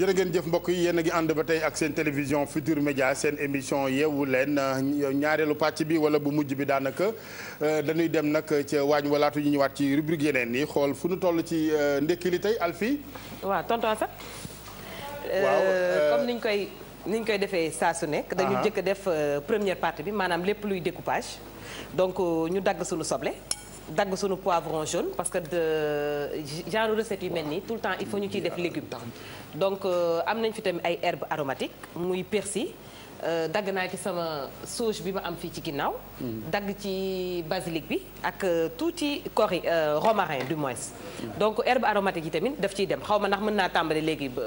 jërë jëf mbokk yi yéen a ànd ba tey ak seen télévision Futur Média seen émission yeewu leen ñaareelu pàcc bi wala bu mujj bi daanaka euh, dañuy dem nag ca waañ walaatu ñu ñëwaat ci rubrique yeneen yi xool fu nu toll ci euh, ndekki li tey Alfi. waaw tonton sax. waaw euh, comme niñ koy ni niñ koy defee saa su nekk. dañu jëkk def première partie bi maanaam lépp luy découpage donc ñu dagg suñu soble. dagg suñu poivron jaune parce que de genre recette yu mel nii tout le temps il faut ñu ciy def légume donc euh, am nañ fi tamit ay herbes aromatique muy persil euh, dagg naa ci sama sauge bi ma am fii ci ginnaaw. Mm-hmm. dagg ci basilic bi ak euh, tuuti cori romarin du moins. Mm-hmm. donc herbe aromatique yi tamit daf ciy dem xaw ma ndax mën naa tàmbali léegi ba.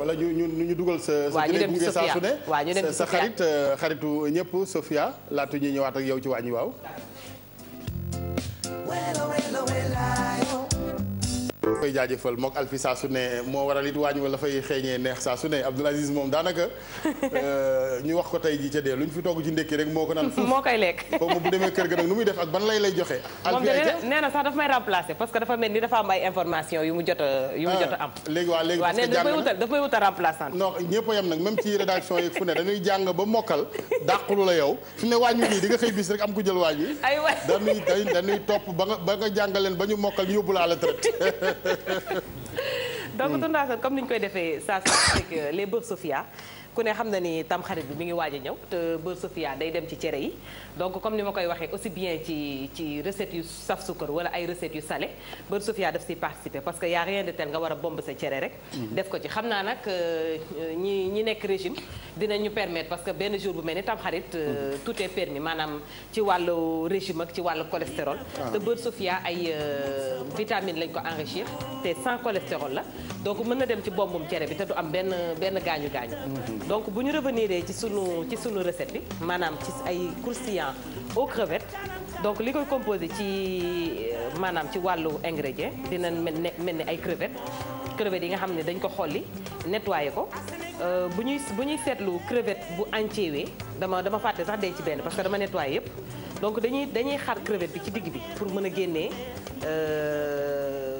wala ñu ñu ñu dugal sa. waaw ñu dem ci Sofia waa ñu dem ci Sofia sa xarit ñëpp Sofia laatu ñuy ñëwaat ak yow ci waañ waaw. Vuelo, vuelo, koy jaajëfal mook Alfi saa su ne moo waral it waañ wala fay neex saa moom daanaka euh, ñu wax ko tey ji ca dee lu ñu fi togg ci ndékki rek moo ko moo koy lekk foofu bu demee kër ga nag nu muy def ak ban lay lay joxe Alfi nee na sax dafa may remplacer parce que dafa mel ni dafa am ay information yu mu jot a yu mu jot a ah, am léegi waaw léegi parce que na dafa may wuta remplaçant non ñëpp a yem nag même ci rédaction yi fu ne dañuy jàng ba mokkal dàqulu la yow fu ne waañ wi nii di nga xëy bis rek am ku jël waañ wi dañuy dañuy topp ba nga ba nga jàng leen ba ñu mokkal yóbbu laa la traite donc hmm. Tonton Assane comme ni ñu koy defee ça c'est avec euh, les beurres Sofia ku ne xam na ni tamxarit bi mi ngi waaj a ñëw te beurre sofia day dem ci cere yi donc comme ni ma koy waxee aussi bien ci ci recettes yu saf sukkar wala ay recettes yu salé beurre sofia daf siy participer parce que y a rien de tel a bomb rek mhm. def ko ci xam naa nag euh, ñi ñi nekk régime ñu permettre parce que benn jour bu mel ni tamxarit euh, mhm. tout est permis maanaam ci wàllu régime ak ci wàllu cholestérol ah. te beurre sofia ay euh, vitamine lañ ko enrichir te sans cholestérol la donc mën na dem ci bombum cere bi te du am benn benn gaañu gaañu mhm. donc bu ñu revenir ci sunu ci sunu recette bi maanaam ci ay croustillant aux crevettes donc li koy composé ci euh, maanaam ci wàllu ingrédient dinañ mel ne mel ni ay crevettes crevettes yi nga xam ne dañ ko xolli nettoyé ko euh, bu ñuy bu ñuy seetlu crevette bu entier dama dama fàtte sax denc benn parce que dama nettoyé yëpp donc dañuy dañuy xar crevette bi ci digg bi pour mën a génnee. Euh,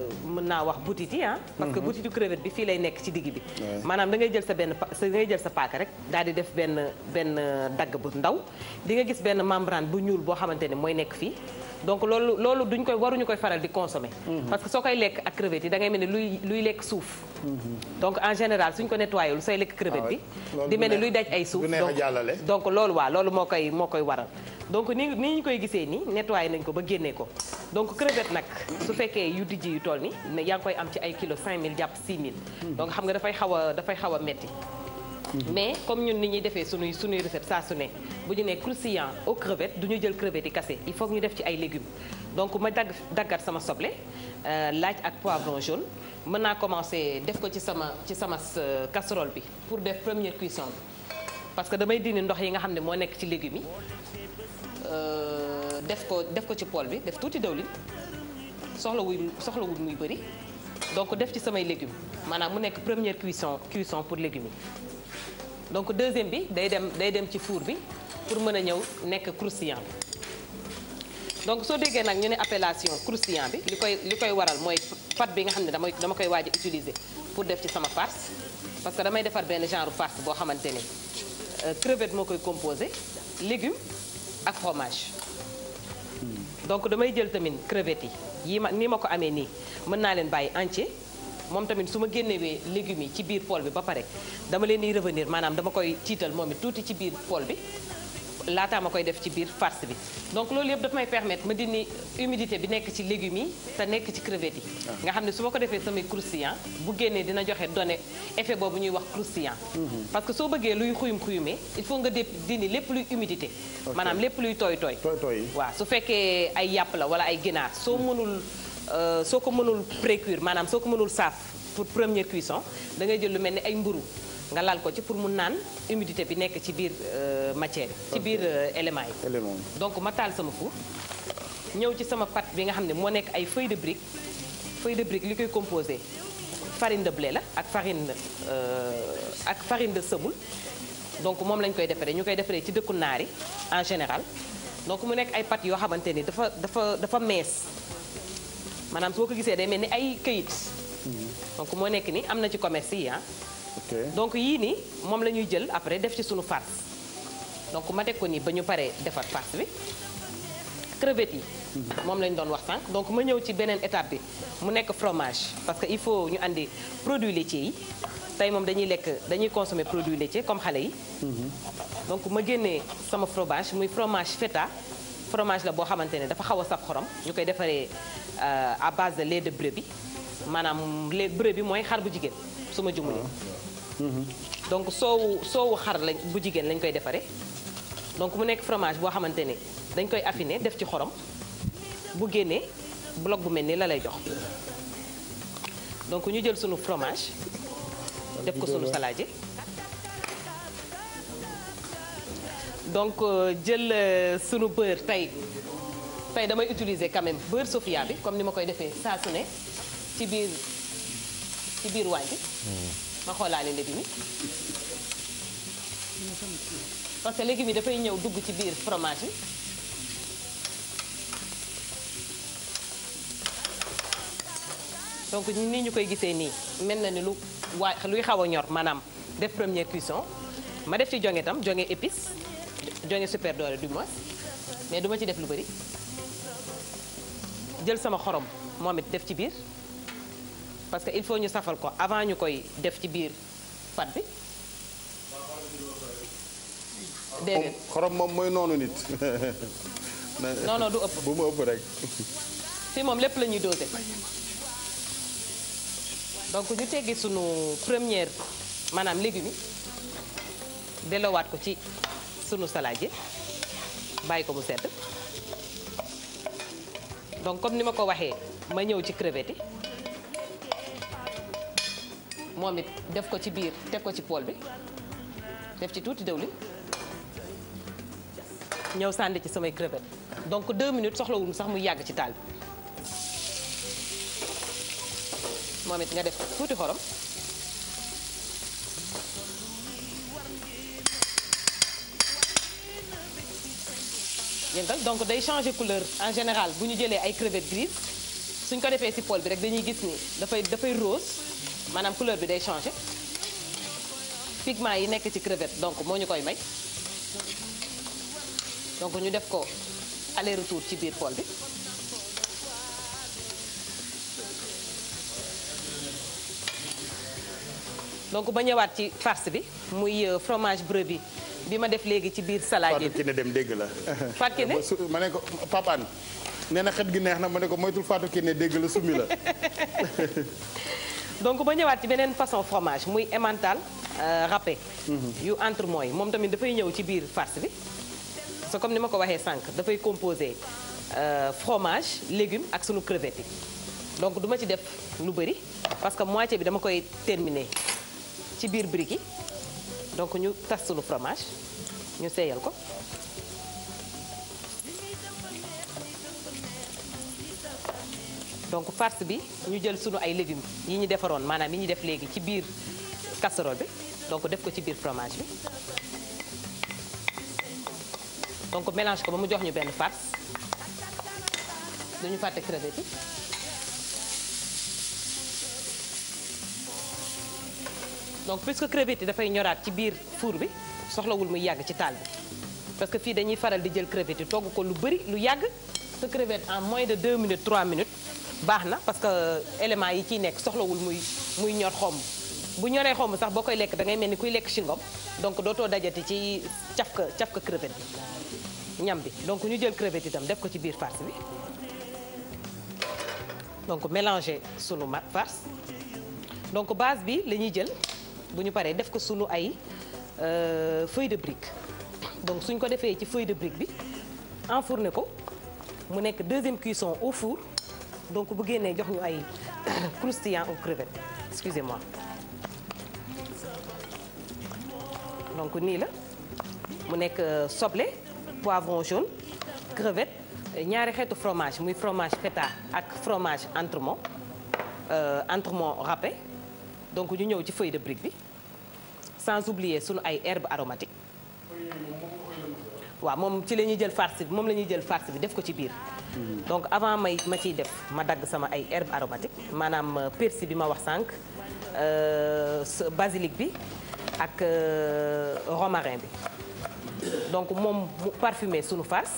mën naa wax boutit yi ah mhm. parce que boutitu crevette bi fii lay nekk ci digg bi maanaam da ngay jël sa benn da ngay jël sa paaka rek daal di def benn benn dagg bu ndaw di nga gis benn membrane bu ñuul boo xamante ne mooy nekk fii donc loolu loolu duñ koy waruñu koy faral di consommer mhm. parce que soo koy lekk ak crevette yi da ngay mel ni luy lekk suuf mhm. donc en général suñ ko nettoyé lu sooy lekk crevette ah bi di mel ni luy daj ay suuf donc loolu waa loolu moo koy moo koy waral donc ni ni ñu koy gisee ni nettoyé nañ ko ba génnee ko donc crevette nag su fekkee yu dijji yu toll ni yaa ngi koy am ci ay kilo 5000 jàpp 6000 hmm. donc xam nga dafay xaw a dafay xaw a metti hmm. mais comme ñun ni ñuy defee suñuy suñuy recette saa su bu ñu nee croustillant aux crevettes du ñu jël crevettes yi kase il ñu def ci ay légumes donc ma dagg daggat sama soble euh, laaj ak poivron jaune mën naa commencer def ko ci sama ci sama euh, casserole bi pour def première cuisson bi parce que damay dindi ndox yi nga xam ne moo nekk ci légumes yi Euh, def ko def ko ci pool bi def tuuti dawlin soxla wuy soxla wuy muy bëri donc def ci samay légumes maanaam mu nekk première cuisson cuisson pour légumes yi donc deuxième bi day dem day dem ci four bi pour mën a ñëw nekk croustillant donc soo déggee nag ñu ne appellation croustillant bi li koy li koy waral mooy pâte bi nga xam ne dama dama koy waaj a utiliser pour def ci sama farce parce que damay defar benn genre farce boo xamante ne euh, crevette moo koy composé légumes ak fromage hmm. donc damay jël tamit crevettes yi yii ma ni ma ko amee nii mën naa leen bàyyi entier moom tamit su ma génnewee légumes yi ci biir pool bi ba pare dama leen di revenir maanaam dama koy tiital moom it tuuti ci biir pool bi laataa ma koy def ci biir farce bi donc loolu yëpp daf may permettre ma dini humidité bi nekk ci légumes yi te nekk ci crevettes yi ah. nga xam ne su ma ko defee samay croustillant bu génnee dina joxe donné effet boobu ñuy wax croustillant mhm. parce que soo bëggee luy xuyum xuyumee il faut nga dé dindi lépp luy humidité maanaam lépp luy tooy tooy yi waaw su fekkee ay yàpp la wala ay ginaar soo hmm. mënul euh, soo ko mënul précure maanaam soo ko mënul saaf pour première cuisson da ngay jël lu mel ni ay mburu nga lal ko ci pour mu naan humidité bi nekk ci biir euh, matière ci biir euh, éléments yi donc ma taal sama four ñëw ci sama pâte bi nga xam ne moo nekk ay feuille de brique feuille de brique li koy composé farine de blé la ak farine euh, ak farine de semoule donc moom lañ koy defaree ñu koy defaree ci dëkku naar yi en général donc mu nekk ay pâte yoo xamante ni dafa dafa dafa mees maanaam soo ko gisee day mel ni ay këyit mhm. donc moo nekk ni am na ci commerce yi ah donc yii nii moom la ñuy jël après def ci suñu farce donc ma teg ko nii ba ñu paree defar farce bi crevettes yi mhm. moom lañ doon wax sànq donc ma ñëw ci beneen étape bi mu nekk fromage parce que il faut ñu indi produit laitiers yi tey moom dañuy lekk dañuy consommer produits laitiers comme xale yi mhm. donc ma génnee sama fromage muy fromage feta fromage la boo xamante ne dafa xaw a sab xorom ñu koy defaree euh, à base de lait de brebis maanaam lait brebis mooy xar bu jigéen suma ma jumulee donc soowu soowu xar lañ bu jigéen lañ koy defaree donc mu nekk fromage boo xamante ne dañ koy affiné def ci xorom bu génnee bloc bu mel nii la lay jox donc ñu jël sunu fromage def ko sunu salade donc euh, jël euh, sunu beurre tey tey damay utiliser quand même beurre sofia bi comme ni ma koy defee saa su ci biir. ci biir waañ hmm. ma xoolaale légumes yi. parce que légumes yi dafay ñëw dugg ci biir fromage yi. donc nii ñu koy gisee nii mel na ni lu waa luy xaw a ñor maanaam def première cuisson ma def ci jonge itam jonge épice jonge super doré du moins mais duma ci def lu bari jël sama xorom moom it def ci biir. parce que il faut ñu safal ko avant ñu koy def ci biir pat bi. déedéet xorom moom mooy noonu nit. non du ëpp bu mu ëpp rek. fii moom lépp lañuy ñuy doser donc ñu teggi sunu première maanaam légumes yi delloowaat ko ci sunu salade yi bàyyi ko mu sedd donc comme ni ma ko waxee ma ñëw ci crevette yi moom it def ko ci biir teg ko ci pool bi def ci tuuti dëwlin ñëw sànni ci samay crevette donc deux minutes soxlawul sax mu yàgg ci taal bi moom it nga def tuuti xorom yëngal donc day changer couleur en général bu ñu jëlee ay crevette grise suñ ko defee ci poêle bi rek dañuy gis ni dafay dafay rose maanaam couleur bi day changé pigment yi nekk ci crevette donc moo ñu koy may donc ñu def ko aller retour ci biir poêle bi donc ba ñëwaat ci farce bi muy euh, fromage brebis bi ma def léegi ci biir salade yi Fatou Kiné dem dégg la Fatou Kiné ma ne ko papaan nee na xet gi neex na ma ne ko moytul Fatou Kiné dégg la summi la donc ba ñëwaat ci beneen façon fromage muy emmental euh, râpé mhm. yu entre mooy moom tamit dafay ñëw ci biir farce bi so comme ni ma ko waxee sànq dafay composé euh, fromage légumes ak sunu crevettes yi donc duma ci def lu bëri parce que moitié bi dama koy terminer ci biir brique yi donc ñu tas sunu fromage ñu seyal ko donc farce bi ñu jël sunu ay légumes yi ñu defaroon maanaam yi ñu def léegi ci biir casserole bi donc def ko ci biir fromage bi donc mélange ko ba mu jox ñu benn farce dañu fàtte crevette yi donc puisque crevette yi dafay ñoraat ci biir four bi soxlawul muy yàgg ci taal bi parce que fii dañuy faral di jël crevette yi togg ko lu bëri lu yàgg te crevette en moins de 2 minutes 3 minutes baax na parce que éléments yi ciy nekk soxlawul muy muy ñor xomb bu ñoree xomb sax boo koy lekk dangay ngay mel ni kuy lekk chewing-gum donc dootoo dajati ci cafka cafka crevette bi ñam bi donc ñu jël crevette itam def ko ci biir farce bi donc mélanger sunu farce donc base bi lañuy jël bu ñu paree def ko sunu ay euh, feuille de brique donc suñ ko defee ci feuille de brique bi enfourner ko mu nekk deuxième cuisson au four donc bu génnee jox ñu ay croustillant aux crevettes excusez-moi donc nii la mu nekk euh, soble poivron jaune crevette ñaari xeetu fromage muy fromage feta ak fromage entremont euh, entremont râpé donc ñu ñëw ci feuille de brique bi sans oublier sunu ay herbes aromatiques waaw moom ci la ñuy jël farce bi moom la ñuy jël farce bi def ko ci biir. donc avant may ma ciy def ma dagg sama ay herbes aromatiques maanaam euh, persil bi ma wax sànq euh, basilic bi ak euh, romarin bi donc moom mu parfumé sunu farce.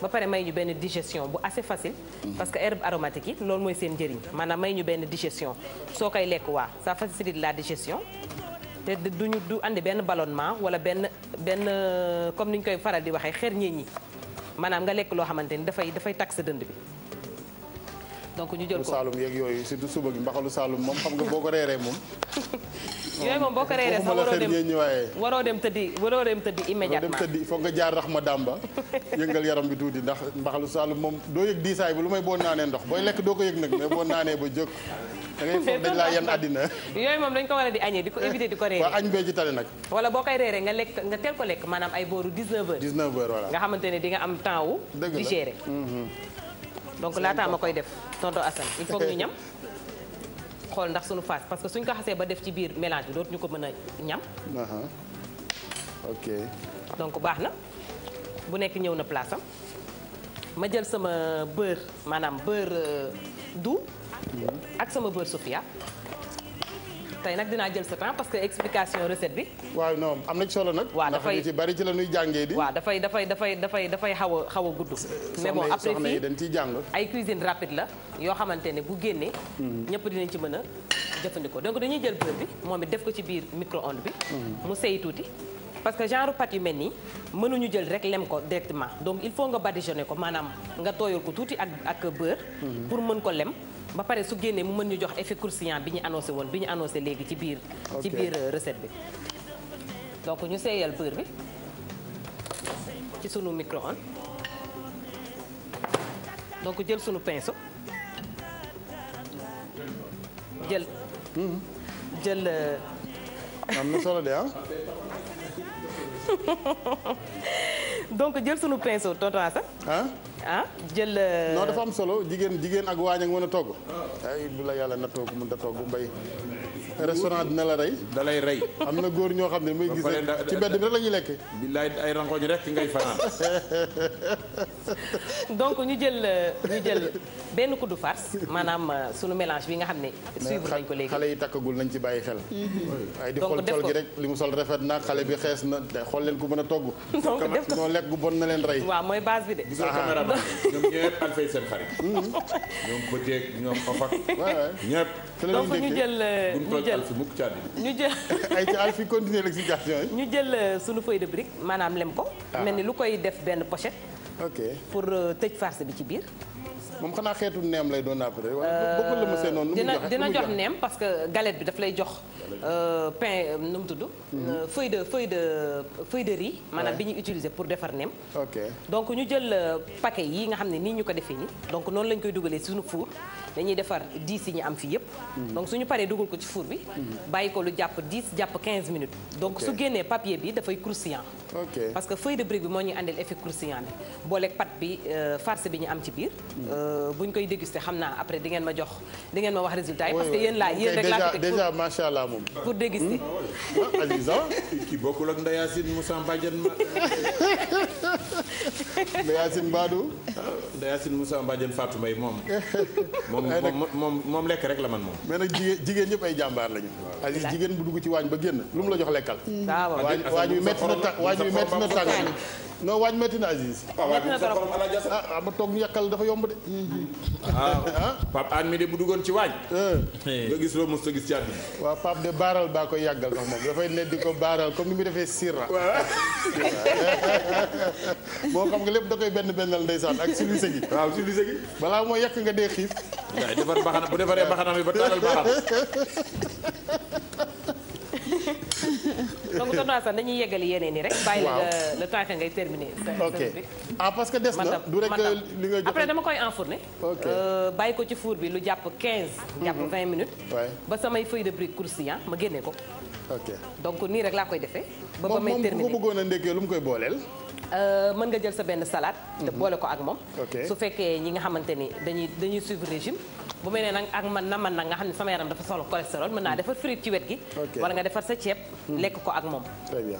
ba pare may ñu benn digestion bu assez facile parce que herbe aromatique yi loolu mooy seen njëriñ maanaam may ñu benn digestion soo koy lekk waa ça facilite la digestion te duñu du indi benn ballonnement wala benn benn comme ni ñu koy faral di waxee xer ñeeñ ñi maanaam nga lekk loo xamante ni dafay dafay takk sa dënd bi donc ñu jël ko Saalum yeeg yooyu surtout suba gi mbaxalu Saalum moom xam nga boo ko reeree moom. yooyu boo ko reeree sax waroo dem waroo dem tëddi waroo dem tëddi immédiatement. waroo dem tëddi foog nga jaar raxma dàmba yëngal yaram bi tuuti ndax mbaxalu Saalum moom doo yëg diisaay bi lu may boo naanee ndox booy lekk doo ko yëg nag mais boo naanee ba jóg. da ngay dañ laa yan àddina yooyu moom dañ ko war di añee di ko éviter di ko reere waaw añ bee ci tane nag wala boo koy reeree nga lekk nga teel ko lekk maanaam ay booru 19 heures 19 heures voilà nga xamante ne di nga am temps wu digérer mhm. donc laataa ma koy def tonton Assane il faut ñu ñam xool ndax suñu faas parce que suñ ko xasee ba def ci biir mélange bi dootu ñu ko mën a ñam ok donc baax na bu nekk ñëw na place ma jël sama beurre maanaam beurre euh, doux ak sama beurre sopia tey nag dinaa jël sa temps parce que explication recette bi. waaw non am na solo nag. waa dafay ndax ci bari ci la ñuy jàngee di. dafay dafay dafay dafay dafay xaw a xaw a gudd. mais bon après fii dañ ciy jàng. ay cuisine rapide la yoo xamante ne bu génnee. Hmm. ñëpp dinañ ci mën a jëfandikoo donc dañuy jël beurre bi moom it def ko ci biir micro-ondes bi. Hmm. mu sey tuuti. parce que genre pâte yu mel nii mënuñu jël rek lem ko directement donc il faut nga badigeonner ko maanaam nga tooyal ko tuuti ak ak beurre. Hmm. pour mën ko lem. ba pare su génnee mu mën ñu jox effet croustillant bi ñu annoncé woon bi ñu annoncé léegi ci biir ci biir euh, recette bi donc ñu seeyal beurre bi ci sunu micro-ondes donc jël sunu pinceau jël mhm. jël euh, am na solo de ah donc jël sunu pinceau tonton Assane. ah ah jël. Euh, non dafa am solo jigéen jigéen ak waañ ak mën a togg. ay la yàlla na togg mën a togg mbay. restaurant dina la rey. dalay lay rey. am na góor ñoo xam ne muy gisee ci bedd bi rek la ñuy lekk. billaay ay rangoñ rek ngay fanaan. donc ñu jël euh, ñu jël benn kuddu farce maanaam euh, sunu mélange bi nga xam ne. suivre nañ ko léegi xale yi takkagul nañ ci bàyyi xel. Mm-hmm. ay di xool tool gi rek li mu sol rafet naa xale bi xees na xool leen ku mën a togg. donc def ko lekk gu bon na leen rey. waaw mooy base bi de. gis nga caméra man ñoom ñëpp alfay seen xarit. Mhm. ñoom ko jeeg ñoom Fafak. ñëpp. te donc ñu jël euh, ñu jël ñu jël ay ci alfi continuer ñu jël euh, sunu de brique maanaam lem ko. Ah. mel ni lu koy def benn pochette. ok pour euh, tëj farce bi ci biir. moom xanaa xeetu neem lay doon après. Euh, bokkul la monsieur noonu nu muy jox neem parce que galette bi daf lay jox. Euh, pain euh, nu mu tudd. Mhm. feuille de feuille de feuille de maanaam bi ñu utiliser pour defar neem. ok donc ñu jël paquet yi nga xam ne nii ñu ko defee nii. donc noonu lañ koy dugalee suñu four dañuy defar 10 yi ñu am fii yëpp. Mhm. donc suñu paree dugal ko ci fuur bi. Mhm. bàyyi ko lu jàpp 10 jàpp 15 minutes. donc su génnee papier bi dafay croustillant. ok parce que feuille de brique bi moo ñuy àndil effet croustillant bi booleeg pat bi euh, farce bi ñu am ci biir. Hmm. Euh, bu ñu koy déguster xam naa après di ngeen ma jox di ngeen ma wax résultat yi. parce que yéen laa yéen rek laa. déjà macha allah moom. pour déguster. Hmm? ah, ah kii bokkul ak Ndeye Yacine Moussa Mbadiane ma. Ndeye Yacine Mbadou. Ah, Ndeye Yacine Moussa Mbadiane Fatou Mbaye moom. moom moom moom lekk rek la man moom. mais nag jigéen jigéen ñëpp ay jàmbaar lañu. waaw Alisa jigéen bu dugg ci waañ ba génn lu mu la jox lekkal. waaw waañ wi métti na bi métti na tàng non waaj métti na Aziz. Ah, ah ma dafa yomb de. ah Pape An mi de bu duggoon ci waaj. Eh. nga gis loo mosut a gis ci àddina. waaw Pape moom dafay ne ko baaral comme ni mu defee sirra. boo xam nga lépp da koy benn bennal ndeysaan ak balaa moo yàq nga dee xiif. waaye defar baxana bu defaree ba taalal baxana. donc tonton Assane dañuy yeggali yeneen yi rek. bàyyi la le temps que ngay terminer. ok ah parce que des na du rek euh, li nga joxe après dama koy enfourner. ok euh, bàyyi ko ci four bi lu jàpp 15. Mhm. jàpp 20 minutes. ba samay feuille de brique coursi ah, ma génne ko. ok donc nii rek laa koy defee. ba ba may terminer moom moom ko bëggoon a ndekkee lu mu koy booleel. Euh, mën nga jël sa benn salaat te mhm. boole ko ak moom. su fekkee ñi nga xamante ni dañuy dañuy suivre régime. bu mel ne ak man na man nag nga xam ne sama yaram dafa soxla cholestérol mën naa defar frite ci wet gi. wala nga defar sa ceeb. Mhm. lekk ko ak moom. très bien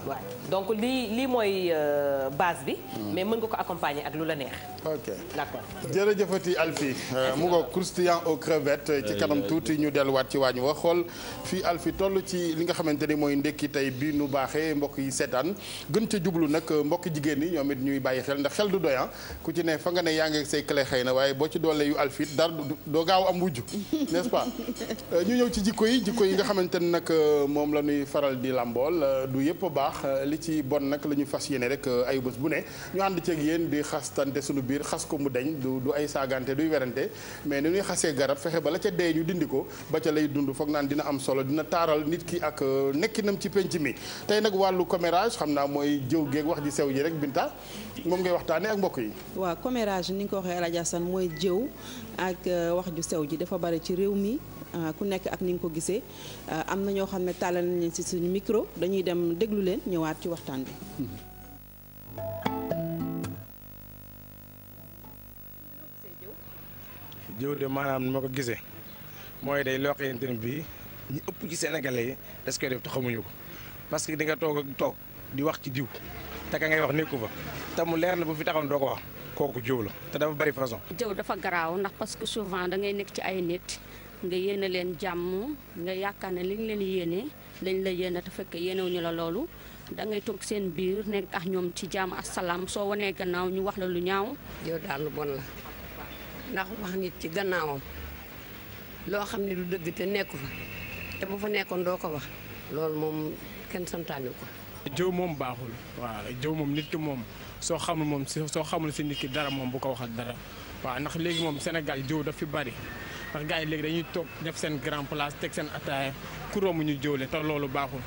donc lii lii mooy euh, base bi. Mhm. mais mën nga ko accompagner ak lu la neex. ok d' accord jërëjëfati Alfi euh, mu ngoog croustillant aux crevettes. ci kanam tuuti ñu delluwaat ci waañ wa xool fii Alfi toll ci li nga xamante ni mooy ndekki tey bii nu baaxee mbokk yi seetaan gën ca nag mbokk jigéen ñi ñoom it ñuy bàyyi xel ndax xel du doy ah. ku ci ne fa nga ne yaa ngi say clé xëy waaye boo ci doole yu alfit dara doo gaaw am wujj euh, yi jikko yi nga xamante ne nag euh, moom la ñuy faral di làmbool euh, du yëpp baax li ci bon nag la ñu fas yéene rek ay bés bu ne ñu ànd ceeg yéen di xastante suñu biir xas ko mu dañ du du ay saagante duy werante mais ni xasee garab fexe ba la ca dee ñu dindi ko ba ca lay dund foog naan dina am solo dina taaral nit ki ak nekkinam ci penc mi tey nag wàllu commérage xam naa mooy jëw geeg wax ji sew ji rek sëñ Binta moom ngay waxtaanee ak mbokk yi. waaw commérage ni nga ko waxee El mooy jëw ak euh, wax ju sew ji dafa bari ci réew mi. Euh, ku nekk ak ni nga ko gisee euh, am na ñoo xam ne tàllal nañu si suñu micro dañuy dem déglu leen ñëwaat ci waxtaan bi. jëw de maanaam ni ma ko gisee mooy day loo xamante ne ñu ëpp ci Sénégalais yi des koy def te ko parce que di nga toog ak toog di wax ci diw. te ngay wax nekku fa te mu leer na bu fi taxaw doo ko wax kooku jëw la te dafa bari façon. jëw dafa garaaw ndax parce que souvent dangay nekk ci ay nit nga yéene leen jàmm nga yaakaar ne li nga leen yéene lañ la yéene te fekk yéenewuñu la loolu da ngay toog seen biir nekk ak ñoom ci jàmm ak salaam soo wanee gannaaw ñu wax la lu ñaaw. yow daal lu bon la ndax wax nit ci gannaawam loo xam ne du dëgg te nekku fa te bu fa nekkoon doo ko wax loolu moom kenn santaane ko. jëw moom baaxul waa jëw moom nit ki moom soo xamul moom soo xamul si nit ki dara moom bu ko waxal dara waaw ndax léegi moom Sénégal jëw daf fi bari ndax gars yi léegi dañuy toog def seen grand place teg seen ataaya ku romb ñu jëw le te loolu baaxul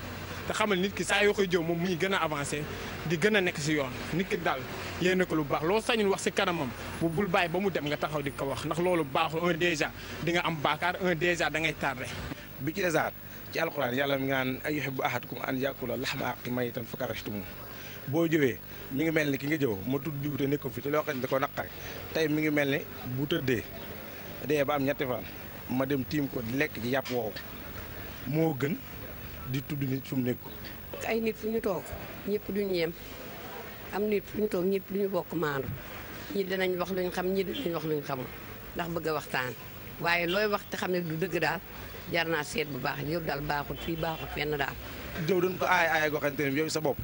te xamal nit ki saa yoo koy jëw moom mu ngi gën a avancer di gën a nekk si yoon nit ki daal yéene ko lu baax loo sañul wax si kanamam bu bul bàyyi ba mu dem nga taxaw di ko wax ndax loolu baaxul un déjà di nga am baakaar un da ngay tardé bi ci desaat ci alquran yàlla mi nga naan ay yuhibbu ahadukum an yakula laxma aqi maytan fa karahtumu boo jëwee mi ngi mel ni ki nga jëw ma tudd jiwte nekko fi te loo xam ne da ko naqari tey mi ngi mel ni bu tëddee dee ba am ñetti fan ma dem tiim ko di lekk ci yàpp woowu moo gën di tudd nit fu mu nekkul ay nit fu ñu toog ñëpp duñu yem am nit fu ñu toog ñëpp duñu bokk maandu ñi dinañ wax luñ xam ñi dinañ wax luñ xamul ndax bëgg a waxtaan waaye looy wax te xam ne du dëgg daal jar naa seet bu baax yow daal baaxut fii baaxut fenn daal. jëw dañ ko aay aay goo xamante ne yow sa bopp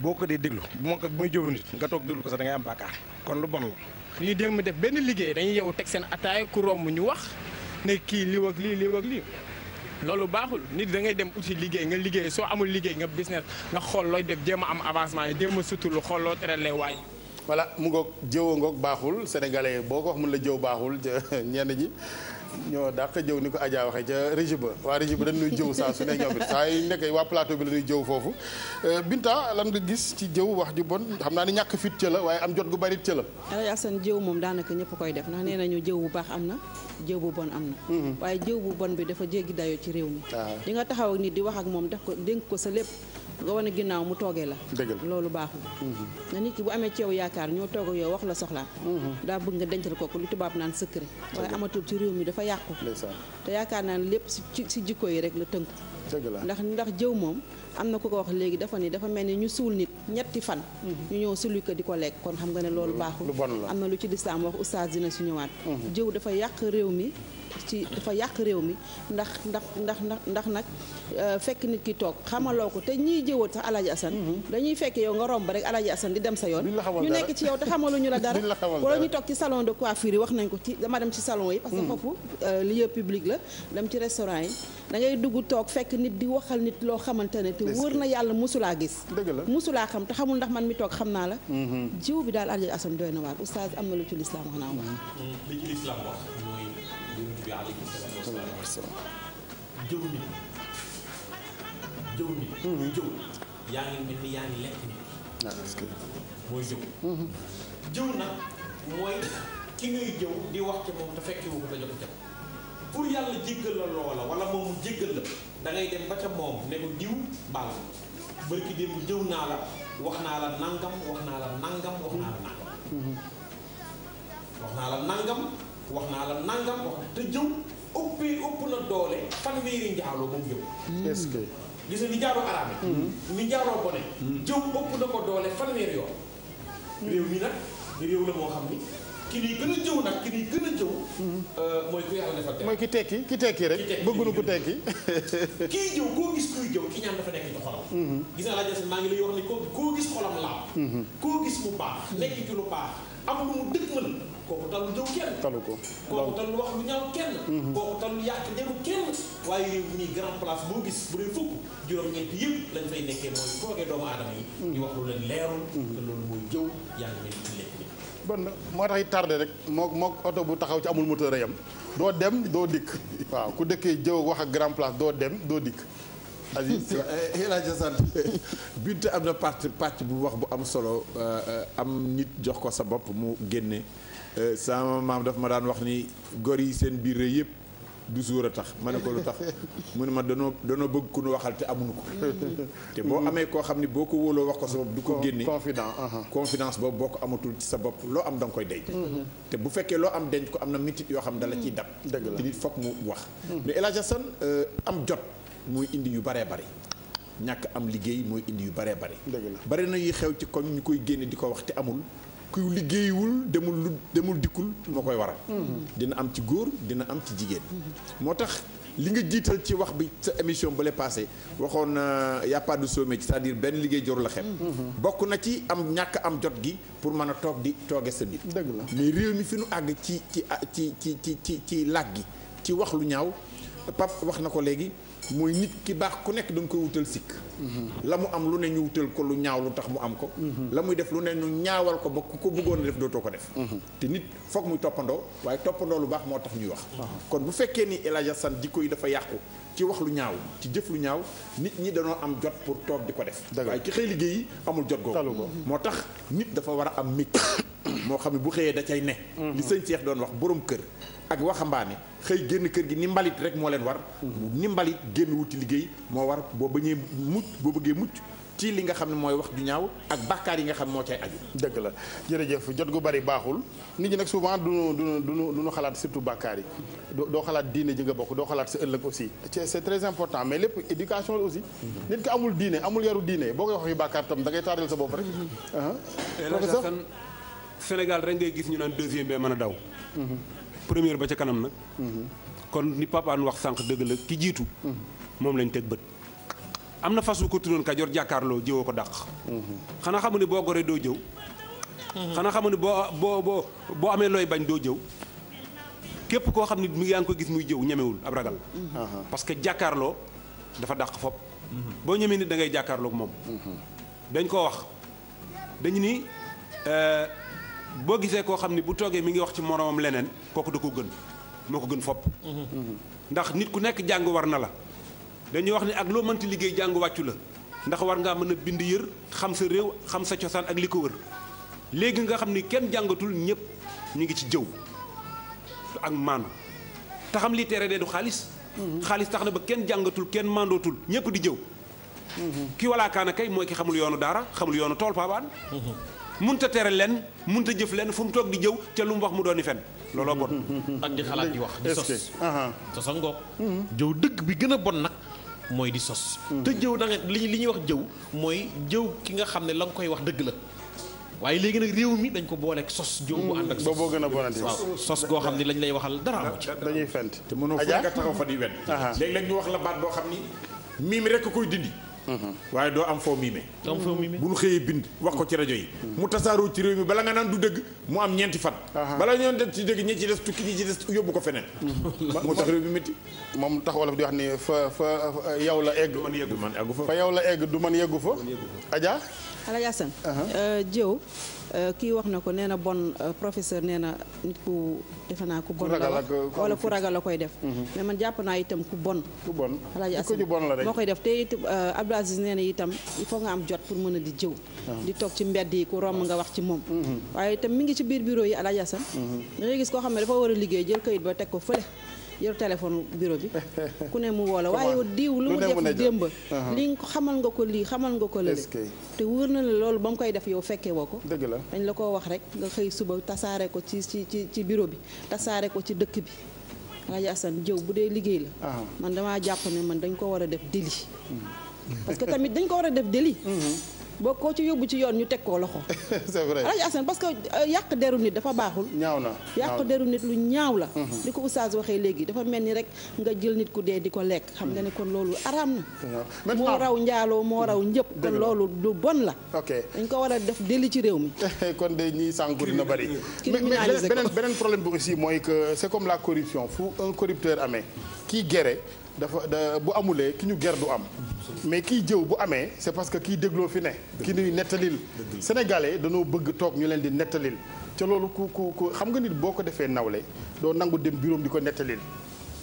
boo ko dee déglu bu ma ko bu may jëw nit nga toog déglu ko sax da am bàkkaar kon lu bon la. ñuy dem def benn liggéey dañuy yow teg seen ataay ku romb ñu wax ne kii lii ak lii lii ak lii baaxul nit da ngay dem uti liggéey nga liggéey soo amul liggéey nga business nga xool looy def jéem am avancement yi jéem a suturlu xool loo tere lay waay voilà mu ngoog jëwoo ngoog baaxul sénégalais boo ko wax mun la jëw baaxul ñenn ñi ñoo dàq jëw ni ko ajaa waxee ca régie ba waa régie ba dañ nuy jëw saa su ne ñoom it saa yu nekkee waa plateau bi la ñuy jëw euh, lan nga gis ci jëw wax ju bon xam naa ni ñàkk fit la waaye am jot gu bari ca la Alaaji Asan jëw moom daanaka ñëpp koy def ndax nee nañu jëw bu baax am na jëw bu bon am na mm-hmm. waaye bu bon bi dafa jéggi dayoo ci réew mi ah. di nga taxaw ak nit di wax ak moom def ko dénk ko sa lépp nga wane ginnaaw mu toogee la loolu baaxul mhm. na nit ki bu amee ci yow yaakaar ñoo toog yow wax la soxlaam mhm. daa bëgg nga dencal kooku li tubaab naan secret waaye amatul ci réew mi dafa yàqu te yaakaar naa lépp si ci jikko yi rek la tënku ndax ndax jëw moom am na ku ko wax léegi dafa ni dafa mel ni ñu suul nit ñetti fan ñu ñëw sulu ko di ko lekk kon xam nga ne loolu baaxul am na lu ci lislaam wax oustaz dina su ñëwaat mhm. jëw dafa yàq réew mi ci dafa yàq réew mi ndax ndax ndax ndax nag euh, fekk nit ki toog xamaloo ko te ñiy jëwoot sax alaaji asan mhm. dañuy fekk yow nga romb rek alaaji asan di dem sa yoon ñu nekk ci yow te xamaluñu la dara wala ñu toog ci salon de coiffure yi wax nañ ko ci dama dem ci salon yi parce que mhm. foofu euh, lieu public la dem ci restaurant yi da ngay fekk nit di waxal nit loo xamante ne te ne wër na yàlla mosulaa gis mosulaa xam te xamul ndax man mi toog xam naa la mm-hmm. jiw bi daal aljaji asan doy na waar oustaz am na lu ci lislaam wax jëw mm-hmm. nit jëw nit jëw ki ngay jëw di wax ca moom te fekki wu ko ca pour yàlla jéggal la loola wala moom jéggal la da ngay dem ba ca moom ne ko diw baal bërki démb jëw naa la wax naa la nangam wax naa la nangam wax naa la nangam te jëw ëppee ëpp na doole fanweeri njaaloo moom jëw est-ce que ni njaaloo araam ni njaaloo bone hmm. jëw ëpp na ko doole fanweer yoon hmm. réew mi nag réew la moo xam ni ki ñuy gën a jëw nag ki ñuy gën a jëw. Euh, mooy ku yàlla defal mooy ki tekki ki tekki rek. bëgguñu ku tekki. kii jëw koo gis kuy jëw ki ñaan dafa nekk ci xolam. Mhm. gis naa la jël koo koo gis xolam mhm. gis mu baax nekk ci lu kooku talul jëw kenn. talu ko kooku talul wax lu ñaaw kenn. Mhm. kooku talul yàq deru kenn. waaye réew mi grand place boo gis bu dee fukk juróom-ñeent yëpp lañ fay nekkee mooy boogee doomu aadama yi. di wax lu leen leerul. loolu mooy jëw yaa ngi leen di lekk bon na moo tax it tardé rek moo moo oto bu taxaw ci amul moteur a yem doo dem doo dikk waaw ku dëkkee jëw wax ak grand place doo dem doo dikk Elhadji Assane Binta am na pàcc pàcc bu wax bu am solo euh, am nit jox ko sa bopp mu génne euh, sama maam daf ma daan wax nii gor yi seen biir yëpp du jour a tax ma ne ko lu tax mu ne ma danoo danoo bëgg ku nu waxal te amuñu ko te boo amee koo xam ne boo ko wóoloo wax ko sa bopp du ko génne confident uh-huh. confidence boobu boo ko amatul ci sa bopp loo am da koy denc mm-hmm. te bu fekkee loo am denc ko am na mitit yoo xam ne dala ciy dab mm-hmm. te nit foog mu wax mm-hmm. mais El Hadj Assane euh, am jot muy indi yu baree bari ñàkk am liggéey mooy indi yu baree bari bari na yuy xew ci koñ ñu koy génne di ko wax te amul ku liggéeyiwul demul demul dikkul moo koy waral. dina am ci góor dina am ci jigéen. moo tax li nga jiital ci wax bi sa émission ba le passé waxoon na y a pas de sommet c'est-à-dire benn liggéey joru la xeeb. bokk na ci am ñàkk am jot gi pour mën a toog di tooge sa nit. dëgg la mais réew mi fi nu àgg ci ci ci ci ci ci laaj gi ci wax lu ñaaw Pape wax na ko léegi. mooy nit ki baax ku nekk da nga koy wutal sikk mhm. la mu am lu ne ñu wutal ko lu ñaaw lu tax mu am ko mhm. la muy def lu ne ñu ñaawal ko ba ku ko bëggoon a def dootoo ko def mhm. te nit foog muy toppandoo waaye toppandoo lu baax moo tax ñuy wax kon bu fekkee ni El Hadj Assane jikko yi dafa yàqu ci wax lu ñaaw ci jëf lu ñaaw nit ñi danoo am jot pour toog di ko def waaye ci xëy liggéey yi amul jot googu moo tax nit dafa war a am métier moo xam ne bu xëyee da cay ne li sëñ doon wax borom kër ak waxambaane xëy génn kër gi ni mbalit rek moo leen war. ni mbalit génn wuti liggéey moo war boo bañee mucc boo bëggee mucc. ci li nga xam ne mooy wax ju ñaaw ak bàkkaar yi nga xam ne moo cay aju. dëgg la jërëjëf jot gu bari baaxul nit ñi nag souvent du nu du nu du nu xalaat surtout bàkkaar yi doo xalaat diine ji nga bokk doo xalaat sa ëllëg aussi. c'est très important mais lépp éducation la aussi. nit ki amul diine amul yaru diine boo koy wax yu bàkkaar da ngay taareel sa bopp rek. Ah. professeur Sénégal rek ngay gis ñu naan deuxième bee mën a daw. Mhm. première ba ca kanam nag. Mhm. kon ni papaan wax sànq dëgg la ki jiitu. Mhm. moom lañ teg bët. am na fas wu ko tuddoon Kajoor jàkkaarloo jëwoo ko dàq. Mhm. xanaa xamu ne boo goree doo jëw. xanaa xamu ne boo boo boo boo amee looy bañ doo jëw. képp koo xam ne mi yaa ngi ko gis muy jëw ñemewul ab ragal. Uh-huh. parce que jàkkaarloo dafa dàq fop boo ñemee nit da ngay jàkkaarloog moom. dañ koo wax dañu ni euh, boo gisee koo xam ne bu toogee mi ngi wax ci moroomam leneen. kooku da ko gën moo ko gën fopp ndax nit ku nekk jàng war na la dañuy wax ne ak loo mënti liggéey jàng wàccu la ndax war ngaa mën a bind yër xam sa réew xam sa cosaan ak li ko wër léegi nga xam ni kenn jàngatul ñëpp ñu ngi ci jëw ak maandu te xam lii tere dee du xaalis xaalis tax na ba kenn jàngatul kenn maandootul ñëpp di jëw mm-hmm. ki walaakaan a mooy ki xamul yoonu daara xamul yoonu tool paabaan mm-hmm. mun a tere leen mënut a jëf lenn fu mu toog di jëw te lu mu wax mu dooni fen looloo bon. ak di xalaat di wax di sos. Uh-huh. sosa ngoog. Hmm. jëw dëgg bi gën a bon nag mooy di sos. Hmm. te jëw da li li ñuy wax jëw mooy jëw ki nga xam ne la nga koy wax dëgg la. waaye léegi nag réew mi dañ ko booleeg sos. jëw bu ànd ak sos hmm. gën a bonante waaw sos goo xam ne lañ lay waxal dara amu ci. dañuy fent te mënoo fa nga taxaw fa di wet. Uh-huh. léegi léeg ñu wax la baat boo xam ni mi rek koy dindi. waaye doo am foo miime bu nu xëyee bind wax ko ci rajo yi mu tasaaroo ci réew mi bala nga naan du dëgg mu am ñeenti fan bala ñoon def ci dëgg ñi ci des tukki ñi ci des yóbbu ko feneen moo tax réew mi métti moom tax wolof di wax ni fa fa yow la egg man yeggu fa fa yow la egg du man fo yeggu fa Adja Alassane jiw Euh, kii wax na ko nee na bon euh, professeur nee na nit ku defe naa ku bon la wax ku ragal la koy def mhm. mais man jàpp naa itam ku bon ku bon alaaji as moo koy def te it euh, Abdou Aziz itam il faut nga am jot pour mën a di jëw ah. di toog ci mbedd yi ku rom nga wax ci moom mhm. waaye itam mi ngi ci biir bureau yi alaaji Assane mhm. da gis koo xam ne dafa war a liggéey jël kayit ba teg ko fële yow téléphone bureau bi ku ne mu woo la waaye diw lu mu def démb uh-huh. li ko xamal nga ko lii xamal nga ko lële te wër na la loolu ba mu koy def yow fekkee woo ko dëgg la dañ la ko wax rek nga xëy suba tasaare ko ci ci ci ci bureau bi tasaare ko ci dëkk bi Alaaji Assane jëw bu dee liggéey la uh-huh. man damaa jàpp ne man dañ ko war a def délit mm-hmm. parce que tamit dañ ko war a def délit mm-hmm. boo koo ci yóbbu ci yoon ñu teg koo loxo. c'est vrai Alaaji Assane parce que euh, yàq deru nit dafa baaxul. ñaaw na yàq deru nit lu ñaaw la. li mm-hmm. ko oustaz waxee léegi dafa mel ni rek nga jël nit ku dee di ko lekk. xam nga ne kon loolu araam na. moo raw njaaloo moo raw mm-hmm. njëpp. kon loolu lu bon la. ok dañ ko war a def delli ci réew mi. kon de ñuy sànku dina bari. mais beneen beneen problème bi aussi mooy que c'est comme la corruption fu un corrupteur amee kii géré. dafa da bu amulee ki ñu ger du am mais kiy jëw bu amee c'est parce que kiy dégloo fi ne ki ñuy nettalil sénégalais dañoo bëgg toog ñu leen di nettalil ca loolu ku ku ku xam nga nit boo ko defee nawle doo nangu dem bureau di ko nettalil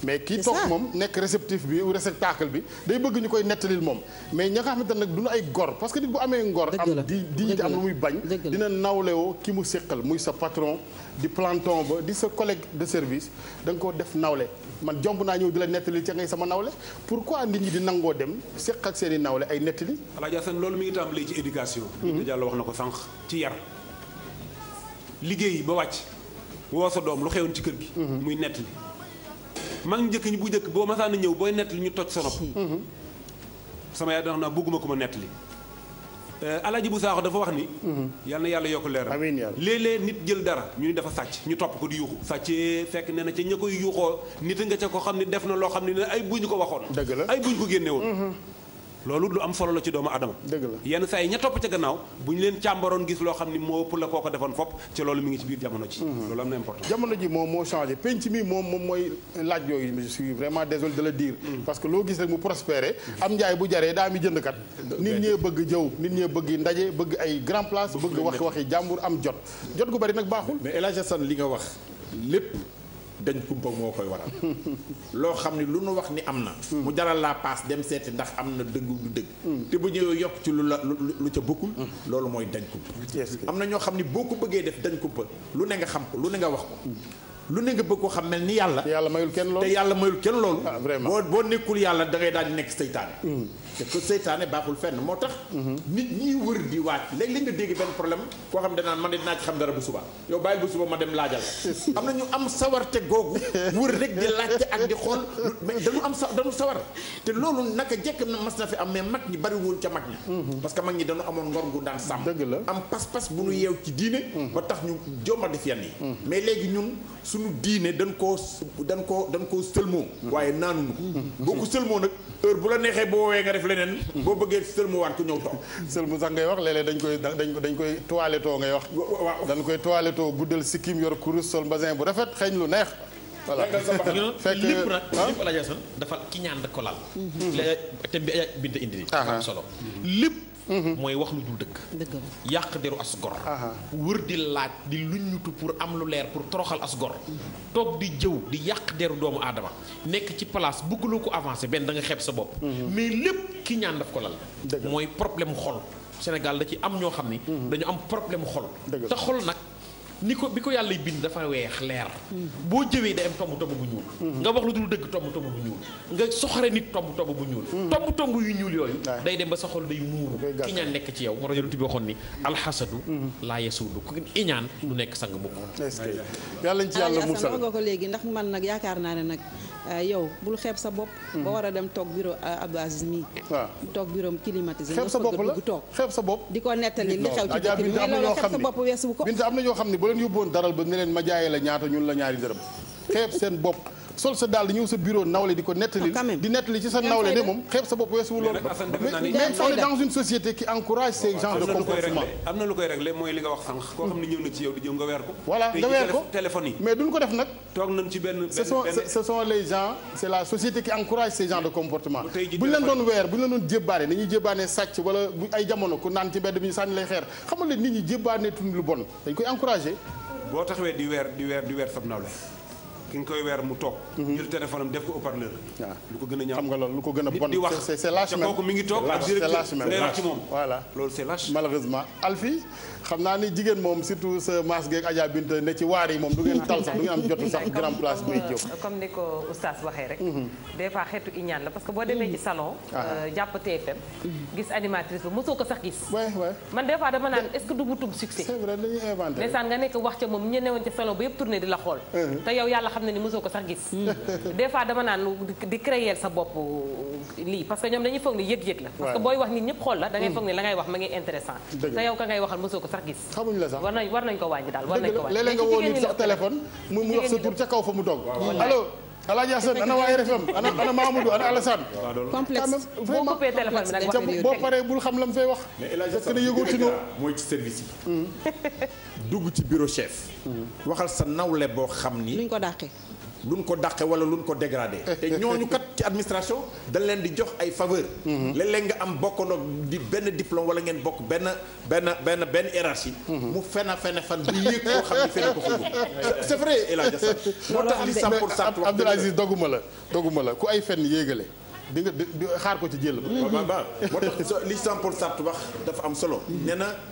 mais kii toog moom nekk réceptif bi ou réceptacle bi day bëgg ñu koy nettalil moom mais ña xam nga tam nag du ñu ay gor parce que nit bu amee ngor am di di am lu muy bañ dina nawlewoo ki mu séqal muy sa patron di planton ba di sa collègue de service da nga def nawle man jomb naa ñëw di la nettali ca ngay sama nawle pourquoi nit ñi di nangoo dem séq ak seen i nawle ay nettali. Alaaji seen loolu mi ngi tàmbalee ci éducation. Mhm. di Diallo wax na ko sànq ci yar ba wàcc woo sa doom lu xewoon ci kër gi. Mhm. muy nettali mag njëkk ñi bu njëkk boo masaan a ñëw booy nettali ñu toj sa nopp. Mhm. sama yaay da naa bëgguma ko ma nettali. Euh, Alaaji bu Saaxo dafa wax ni. Mhm. yal na yàlla yokk leeram amiin yàlla léeg-léeg nit jël dara ñu ni dafa sàcc ñu topp ko di yuuxu sàccee fekk nee na ca ña koy yuuxoo nit nga ca ko xam ne def na loo xam ne ay buñ ko waxoon. dëgg la ay bu buñ ko génne woon. Mhm. loolu lu am solo la ci doomu adama dëgg la yenn saa yi ña topp ca gannaaw bu ñu leen càmbaroon gis loo xam ni moo ëpp la koo ko defoon fopp ci loolu mi ngi ci biir jamono ji mhm. loolu am na important jamono ji moom moo changé penc mi moom moom mooy laaj yooyu je suis vraiment désolé de le dire mhm. parce que loo gis rek mu prospéré mhm. am njaay bu jaree daa mi jëndkat nit ñee bëgg jëw nit ñee bëgg ndaje bëgg ay grand place bëgg wax waxi jàmbur am jot jot gu bari nag baaxul mais El Hadj li nga wax lépp dañ kumpa moo koy waral loo xam ne lu nu wax ni am na mu jaral laa paas dem seeti ndax am na dëgg du dëgg te bu ñëwee yokk ci lu la lu ca bokkul loolu mooy dañ kumpa am na ñoo xam ne boo ko bëggee def dañ kumpa lu ne nga xam ko lu ne nga wax ko lu ne nga bëgg ko xam mel ni yàlla yàlla mayul kenn loolu te yàlla mayul kenn loolu ah, boo boo nekkul yàlla dangay ngay daal di nekk seytaane hmm. te que seytaane baaxul fenn moo tax. nit ñi wër di waaj léeg-léeg nga dégg benn problème koo xam ne danaan man de dinaa xam dara bu suba yow bàyyil bu suba ma dem laajal la. am na sa dañu sawar te loolu naka jekk na mas na am mais mag ñi bari mag ñi. Mhm. parce que mag ñi dañu amoon ngor gu daan sàmm. dëgg la am pas-pas bu nu yeew ci diine. Mhm. ba tax ñu jomba def yenn yi. Mhm. mais léegi ñun suñu diine dañ koo dañ koo dañ koo sëlmoo. waaye naanuñu ko. boo ko sëlmoo nag heure bu la neexee boo woowee nga def def leneen. boo bëggee sël mu waat ku ñëw toog. sël mu sax ngay wax léeg dañ koy dañ koy dañ koy toilettoo ngay wax. waaw dañ koy toilettoo guddal sikkim yor kurus sol mbasin bu rafet xeeñ lu neex. voilà fekk lépp nag ah? lépp alajasan dafa ki ñaan da ko laal. Mm-hmm. te bi bind indi. Ah, ah. solo lépp. Mm-hmm. mooy wax lu dul dëgg yàq deru as wër di laaj di luññutu pour am lu leer pour toroxal as mm-hmm. toog di jëw di yàq deru doomu aadama nekk ci place bëggloo ko avancé benn da nga xeeb sa bopp mm-hmm. mais lépp ki ñaan daf ko lal mooy problème xol Sénégal da ci am ñoo xam ni dañu am problème xol te xol nag ni ko bi ko yàlla bind dafa weex leer mhm. boo jëwee day am tomb tomb bu ñuul mhm. nga wax lu dul dëgg tomb tomb bu ñuul nga soxore nit tomb tomb bu ñuul mhm. tomb tomb yu ñuul yooyu day dem ba sa xol day muuru ki ñaan nekk ci yow moo tax yonent bi waxoon ni alxasadu laa yasuudu nekk sang mukk yàlla ci yàlla musal nga ko léegi ndax man nag yaakaar naa ne nag euh, yow bul xeeb sa a dem toog bureau euh, Abdou Aziz mii waaw toog bureau xeeb sa bopp toog xeeb sa bopp di ko nettali li xew ci dëkk bi mais loolu xeeb sa bopp weesu ko leen yóbboon daral ba ne leen ma jaayee la ñaata ñun la ñaari dërëm xeeb seen bopp sol sa daal di ñëw sa bureau nawle di ko nettali ah, di nettali ci sa nawle ne moom xeeb sa bopp weesuwul loolu mais on est dans une société qui encourage ces genres de comportement am na lu koy réglé mooy li nga wax sànq koo xam ne ñëw na ci weer bu ñu leen doon weer bu ñu leen sàcc wala bu ay jamono ku naan ci mbedd bi ñu sànni lay xeer xamal leen nit ñi jébbaaneetuñ lu bon dañ koy encouragé boo taxawee di weer di weer di weer sab nawle ki nga koy weer mu toog. jël téléphone am def ko haut-parleur. waaw ah. lu ko gën a ñaaw xam nga loolu lu ko gën a bon. c'est c'est lâche même te kooku mi ngi toog. c'est lâche même lâche lay wax moom. voilà loolu c'est lâche malheureusement Alfie xam naa ni jigéen moom surtout sa maas geeg ne ci waar yi moom du ngeen tal sax du ngeen am jotu sax grand place buy jóg euh, comme ni ko oustaz waxee rek mhm. des fois iñaan la parce que boo demee ci salon ah. euh, jàpp TFM mhm. gis animatrice ba mosoo ko sax gis man des dama naan est du butum succès c'est vrai nga nekk wax ca moom ñu newoon ca salon ba yëpp tourné di la xool mhm. te yow yàlla xam ne ni mosoo ko sax gis des fois dama naan di créer sa bopp euh, lii parce sax gis. xamuñu la sax war nañ war nañ ko wàññi daal war nañ ko wàññi. léeg-léeg nga woo nit sax téléphone mu wax sa tur ca kaw fa mu toog allo Alaaji Assane ana waa RFM ana ana Mamadou ana Alassane. complexe boo coupé téléphone bi boo paree bul xam la mu fay wax. mais El Hadj Assane mooy ci service yi. Mm. dugg ci bureau chef. Mm. waxal sa nawle boo xam ni. nuñ ko dàqee. lu luñ ko dàqe wala luñ ko dégradé te ñooñu kat ci administration dañ leen di jox ay faveur mhm. léeg-léeg nga am bokkandoo di benn diplôme wala ngeen bokk benn benn benn benn hiérarchie mhm. mu fena fena fan bu yéeg koo xam ne fene ko fa c'est vrai El Hadj Assane moo tax li la doguma la ku ay yéegale di xaar ko ci jël ba moo tax li 100 pour cent wax dafa am solo mhm. nee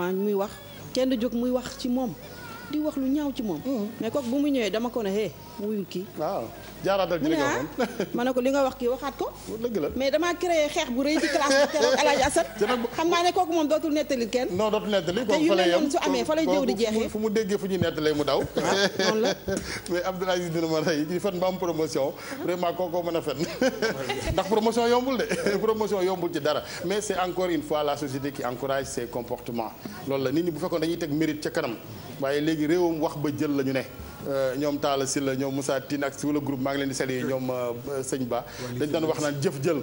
avant muy wax kenn jóg muy wax ci moom di wax lu ñaaw ci moom. Hmm. mais kooku bu mu ñëwee dama ko ne hey wuyul kii. waaw jaaraatal ji nga ma ne ko li nga wax kii waxaat ko. dëgg la mais dama créé xeex bu rëy ci classe bi keroog El Hadj Assane. xam naa ne kooku moom dootul nettali kenn. non dootul nettali kooku fa lay yem su mu déggee fu ñuy nettalee mu daw. Ah, noonu la mais Abdoulaye Aziz dina ma rey di fen ba am promotion. vraiment dara mais c'est encore fois la société qui encourage ces comportements loolu la nit ñi bu fekkoon dañuy teg mérite ca kanam waaye léegi réewam wax ba jël la ñu ne euh, ñoom Talla Sylla ñoom Moussa Tine ak si wala groupe maa ngi leen di sel yi ñoom euh, sëñ Ba dañ daan wax naan jëf jël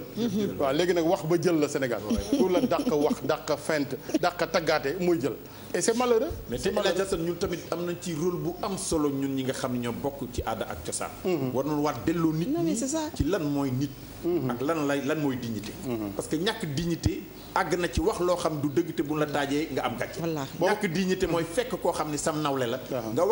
waaw léegi nag wax ba jël la Sénégal pour la dàq wax dàq fent dàq taggaate muy jël et c'est malheureux. mais tey ñun tamit am nañ ci rôle bu am solo ñun ñi nga xam ne ñoo bokk ci aada ak cosaan. Mm-hmm. war nañu waat delloo nit ñi ci lan mooy nit. Mm-hmm. ak lan lay lan mooy dignité. Mm-hmm. parce que ñàkk dignité àgg na wax loo xam du dëgg te bu la taajee nga am gàcce. ñàkk dignité mooy fekk koo xam ne sam nawle la. Ah. nga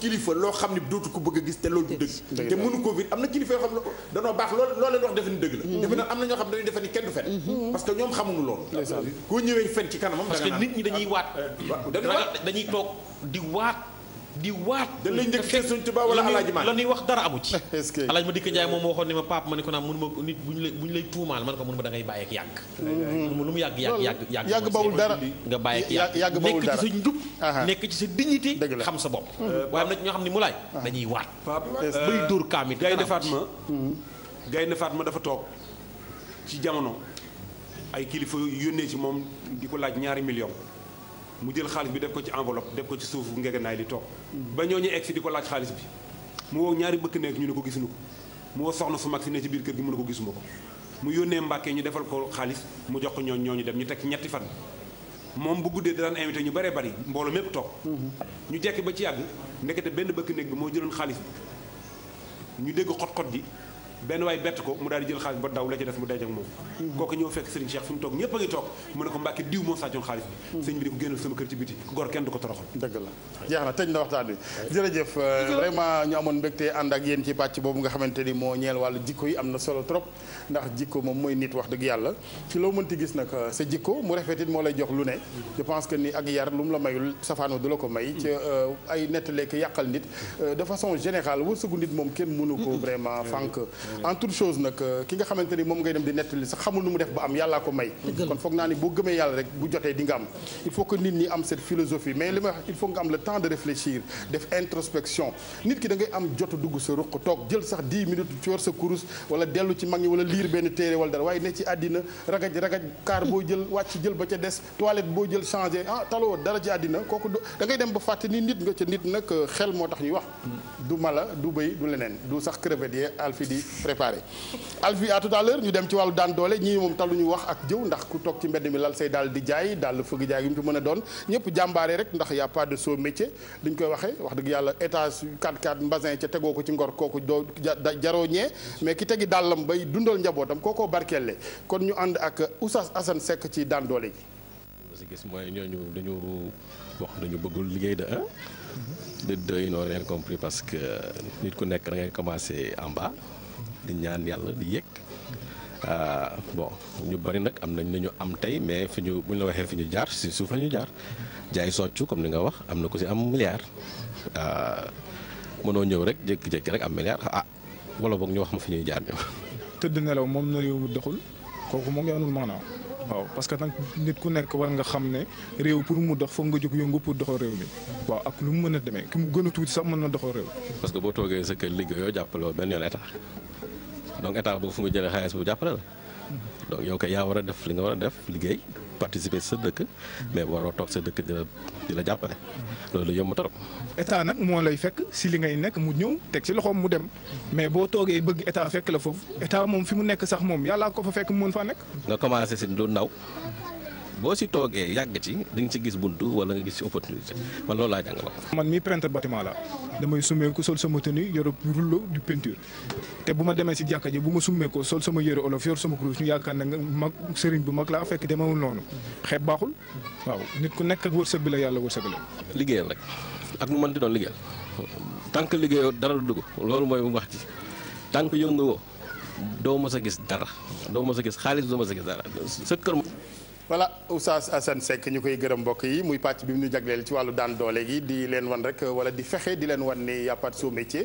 kilifa loo xam ne dootu ko bëgg gis te loolu du dëgg. te mënu ko biir am lool loo leen wax defe ni am na ñoo xam ne dañuy defe ni kenn du fen. parce ñoom xamuñu loolu. koo ñëwee fen ci kanamam. parce nit ñi dañuy ah, waat ah, waaw dañuy toog di waat. di waat dañ lay njëkk ci Sëriñ Tuubaa wala Alaaji Maalik la ñuy wax dara amu ci Alaaji ma dikk Njaay moom waxoon ne ma pap ma ne ko naan mënu ma nit bu ñu lay tuumaal ma ne ko mënu ma da yàgg mënu lu mu yàgg yàgg yàgg yàgg yàgg bawul dara nga bàyyi yàgg nekk ci sa njub nekk ci sa dignité xam sa bopp waaye am na ñoo xam ne mu laay dañuy waat euh, bay dóor kaamit Gaynde Fatma hmm. Gaynde Fatma dafa toog ci jamono ay kilifa yónnee ci moom di ko laaj ñaari million mu jël xaalis bi def ko ci enveloppe def ko ci suuf ngegenaay li toog ba ñooñu egg si di ko laaj xaalis bi mu woo ñaari bëkk nekk ñu ne ko gisuñu ko mu woo soxna su mag si ci biir kër gi mu ne ko gisuma ko mu yónnee mbàkkee ñu defal ko xaalis mu jox ko ñooñ ñooñu dem ñu teg ñetti fan moom bu guddee daan invité ñu bëree bëri mbooloo mépp toog mm-hmm. ñu jekki ba ci yàgg ndekete benn bëkk néeg bi moo jëloon xaalis bi ñu dégg xot-xot ji benn waay bett ko mu daal di jël xaalis ba daw la ci des mu denc ak moom kooku ñëw fekk Serigne Cheikh fi mu toog ñëpp a ngi toog mu a ko Mbàkke diw moo sàccoon xaalis bi hmm. sëñ bi di ko génnal sama kër ci biti gor kenn du ko toroxal dëgg la jeex na tëj na waxtaan bi euh, jërëjëf vraiment ñu amoon mbégte ànd ak yéen ci pàcc boobu nga xamante ni moo ñeel wàllu jikko yi am na solo trop ndax jikko moom mooy nit wax dëgg yàlla ci loo mënti gis nag euh, sa jikko mu rafet it moo lay jox lu ne je pense que ni ak yar lu mu la mayul safaano du la ko may ci euh, nit euh, ko vraiment fànk en toute chose nag ki nga ni moom ngay dem di nettali sax xamul nu mu def ba am yàllaa ki da ngay am jot dugg sa ruq toog jël sax 10 minutes ci war sa kurus wala dellu ci mag ñi wala liir benn téere wala dara waaye ne ci àddina ragaj ragaj kaar boo jël wàcc jël ba ca des toilette boo jël changé ah taloo dara ci àddina kooku da ni nit nga euh, ñuy wax du mala du bëy du leneen du sax crevette yee alfi di préparé alfi à tout à l'heure ñu dem ci wàllu daan doole ñii moom taluñu wax ak jëw ndax ku toog ci mbedd mi lal say daal di jaay daal fëgg jaay yu mu ci mën a doon ñëpp jàmbaare rek ndax y a pas de sot métier liñ koy waxee wax dëgg yàlla étage 4 4 mbasin ca tegoo ko ci ngor kooku doo jaroo ñee mais ki tegi dàllam bay dundal njabootam kookoo barkeel le kon ñu ànd ak Oustaz Assane sekk ci daan doole ji. si gis mooy ñooñu dañu wax dañu bëggul liggéey de un de deux compris parce que nit ku nekk da ngay commencé en bas di ñaan yàlla di yéeg ah, bon ñu bari nag am nañ ñu am tey mais fi ñu bu ñu la waxee fi ñu jaar si suuf la ñu jaar jaay soccu comme ni nga wax am na ko si am milliard ah, mënoo ñëw rek jékki-jékki rek am milliard ah wala boog ñu wax ma fi ñuy jaar ñoom. tëdd nelaw moom naréewu doxul kooku moom yaanul maanaam waaw parce que nag nit ku nekk war nga xam ne réew pour mu dox foog nga jóg yëngu pour doxal réew mi waaw ak lu mu mën a demee ki mu gën a tuuti sax mën na doxal réew. parce que boo toogee sa kër liggéeyoo jàppaloo benn yoon état donc état boo fu nga jëlee xaalis bu jàppale la donc yow kay yaa war a def li nga war a def liggéey. participer sa dëkk mais waroo toog sa dëkk di la di la jàppale loolu yomb trop. état nag moo lay fekk si li ngay nekk mu ñëw teg si loxoom mu dem mais boo toogee bëgg état fekk la foofu état moom fi mu nekk sax moom yàllaa ko fa fekk mu mën faa nekk. nga commencé si lu ndaw boo si toogee yàgg ci di nga gis buntu wala nga gis si opportunité man loolu laa jàng ba man mi peintre bâtiment la damay summeeku sol sama tenue yor rouleau du peinture te bu ma demee si jàkka ji bu ma summeekoo sol sama yëre olof yor sama kurus ñu yaakaar ne mag sëriñ bu mag laa fekk demewul noonu xeeb baaxul waaw nit ku nekk ak wërsëg bi la yàlla wërsëg la liggéeyal rek ak mu mën di doon liggéeyal tant que liggéeyoo dara du dugg loolu mooy wax ci tant que yëngu woo doo mës a gis dara doo mës gis xaalis doo mës dara sa kër voilà Oustaz Assane Seck ñu koy gërëm mbokk yi muy pàcc bi mu ñu jagleel ci wàllu daan doole gi di leen wan rek wala di fexe di leen wan ni y a pas wax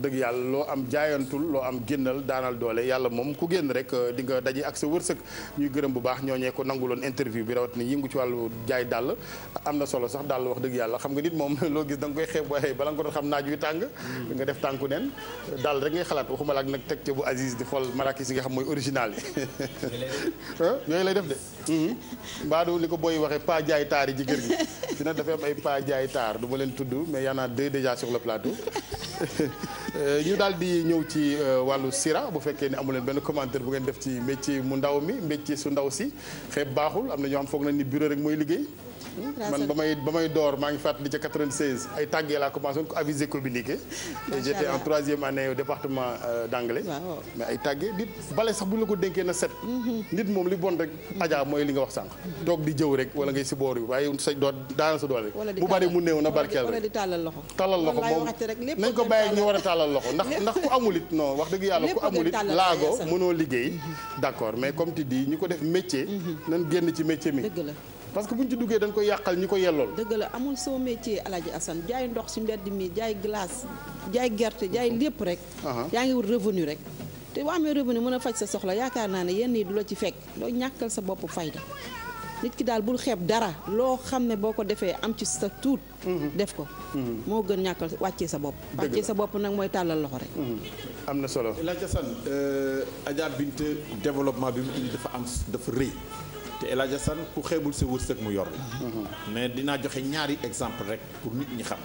dëgg yàlla loo am jaayantul loo am génnal daanal doole yàlla moom ku génn rek di nga daje ak sa wërsëg ñuy gërëm bu baax ñooñee ko loon interview bi rawat ni yëngu ci wàllu jaay dàll am na solo sax dàll wax dëgg yàlla xam nga nit moom loo gis da nga koy xeeb waaye bala nga ko doon tàng nga def tànku neen dàll rek ngay xalaat waxuma laak nag teg ca bu Aziz di xool marakis yi mbaadu li ko booy waxee pas jaay taar yi ci gi fi nag dafay am ay pas taar du ma leen tudd mais y en a deux déjà sur le plateau euh, ñu daal di ñëw ci euh, wàllu sira bu fekkee ne amu benn commentaire bu ngeen def ci métier mu ndaw mi métier su ndaw si xeeb baaxul am na ñoo xam foog nañ ni bureau rek mooy liggéey man ba may ba may door maa ngi fàttali ca 96 ay tàggee laa commencé woon ko avisé communiqué. et j'étais en troisième année au département euh, d'anglais. mais ay tàggee nit bale sax bu ñu la ko dénkee na set. Mhm. nit moom li bon rek. ajaa mooy li nga wax sànq. Mhm. toog di jëw rek wala ngay si boor yi waaye sa doot daanal sa doole rek. bu bari mu néew na barkeel rek wala di tàllal loxo. tàllal loxo moom nañ ko bàyyi ak ñu war a tàllal loxo ndax ndax ku amul it non wax dëgg yàlla ku amul it laago mënoo liggéey d'accord mais mhm. comme tu ñu ko def métier nañ génn ci métier mi parce que bu ñu ci duggee dañ koy yàqal ñi ko yellool. dëgg la amul soo métier El Hadj Assane jaay ndox si mbedd mii jaay glace jaay gerte jaay lépp rek. yaa ngi wut revenu rek. te boo amee revenu mën a faj sa soxla yaakaar naa ne yenn yi du la ci fekk loo ñàkkal sa bopp fayda nit ki daal bul xeeb dara loo xam ne boo ko defee am ci sa tuut. Mhm. def ko. Mhm. moo gën ñàkkal wàccee sa bopp. wàccee sa bopp nag mooy tàllal loxo rek. Mhm. am na solo. El Hadj Assane euh, Adja Binte développement bi mu indi dafa am dafa rëy. te El Hadj Assane ku xeebul sa wërsëg mu yor la mais dinaa joxe ñaari exemple rek pour nit ñi xam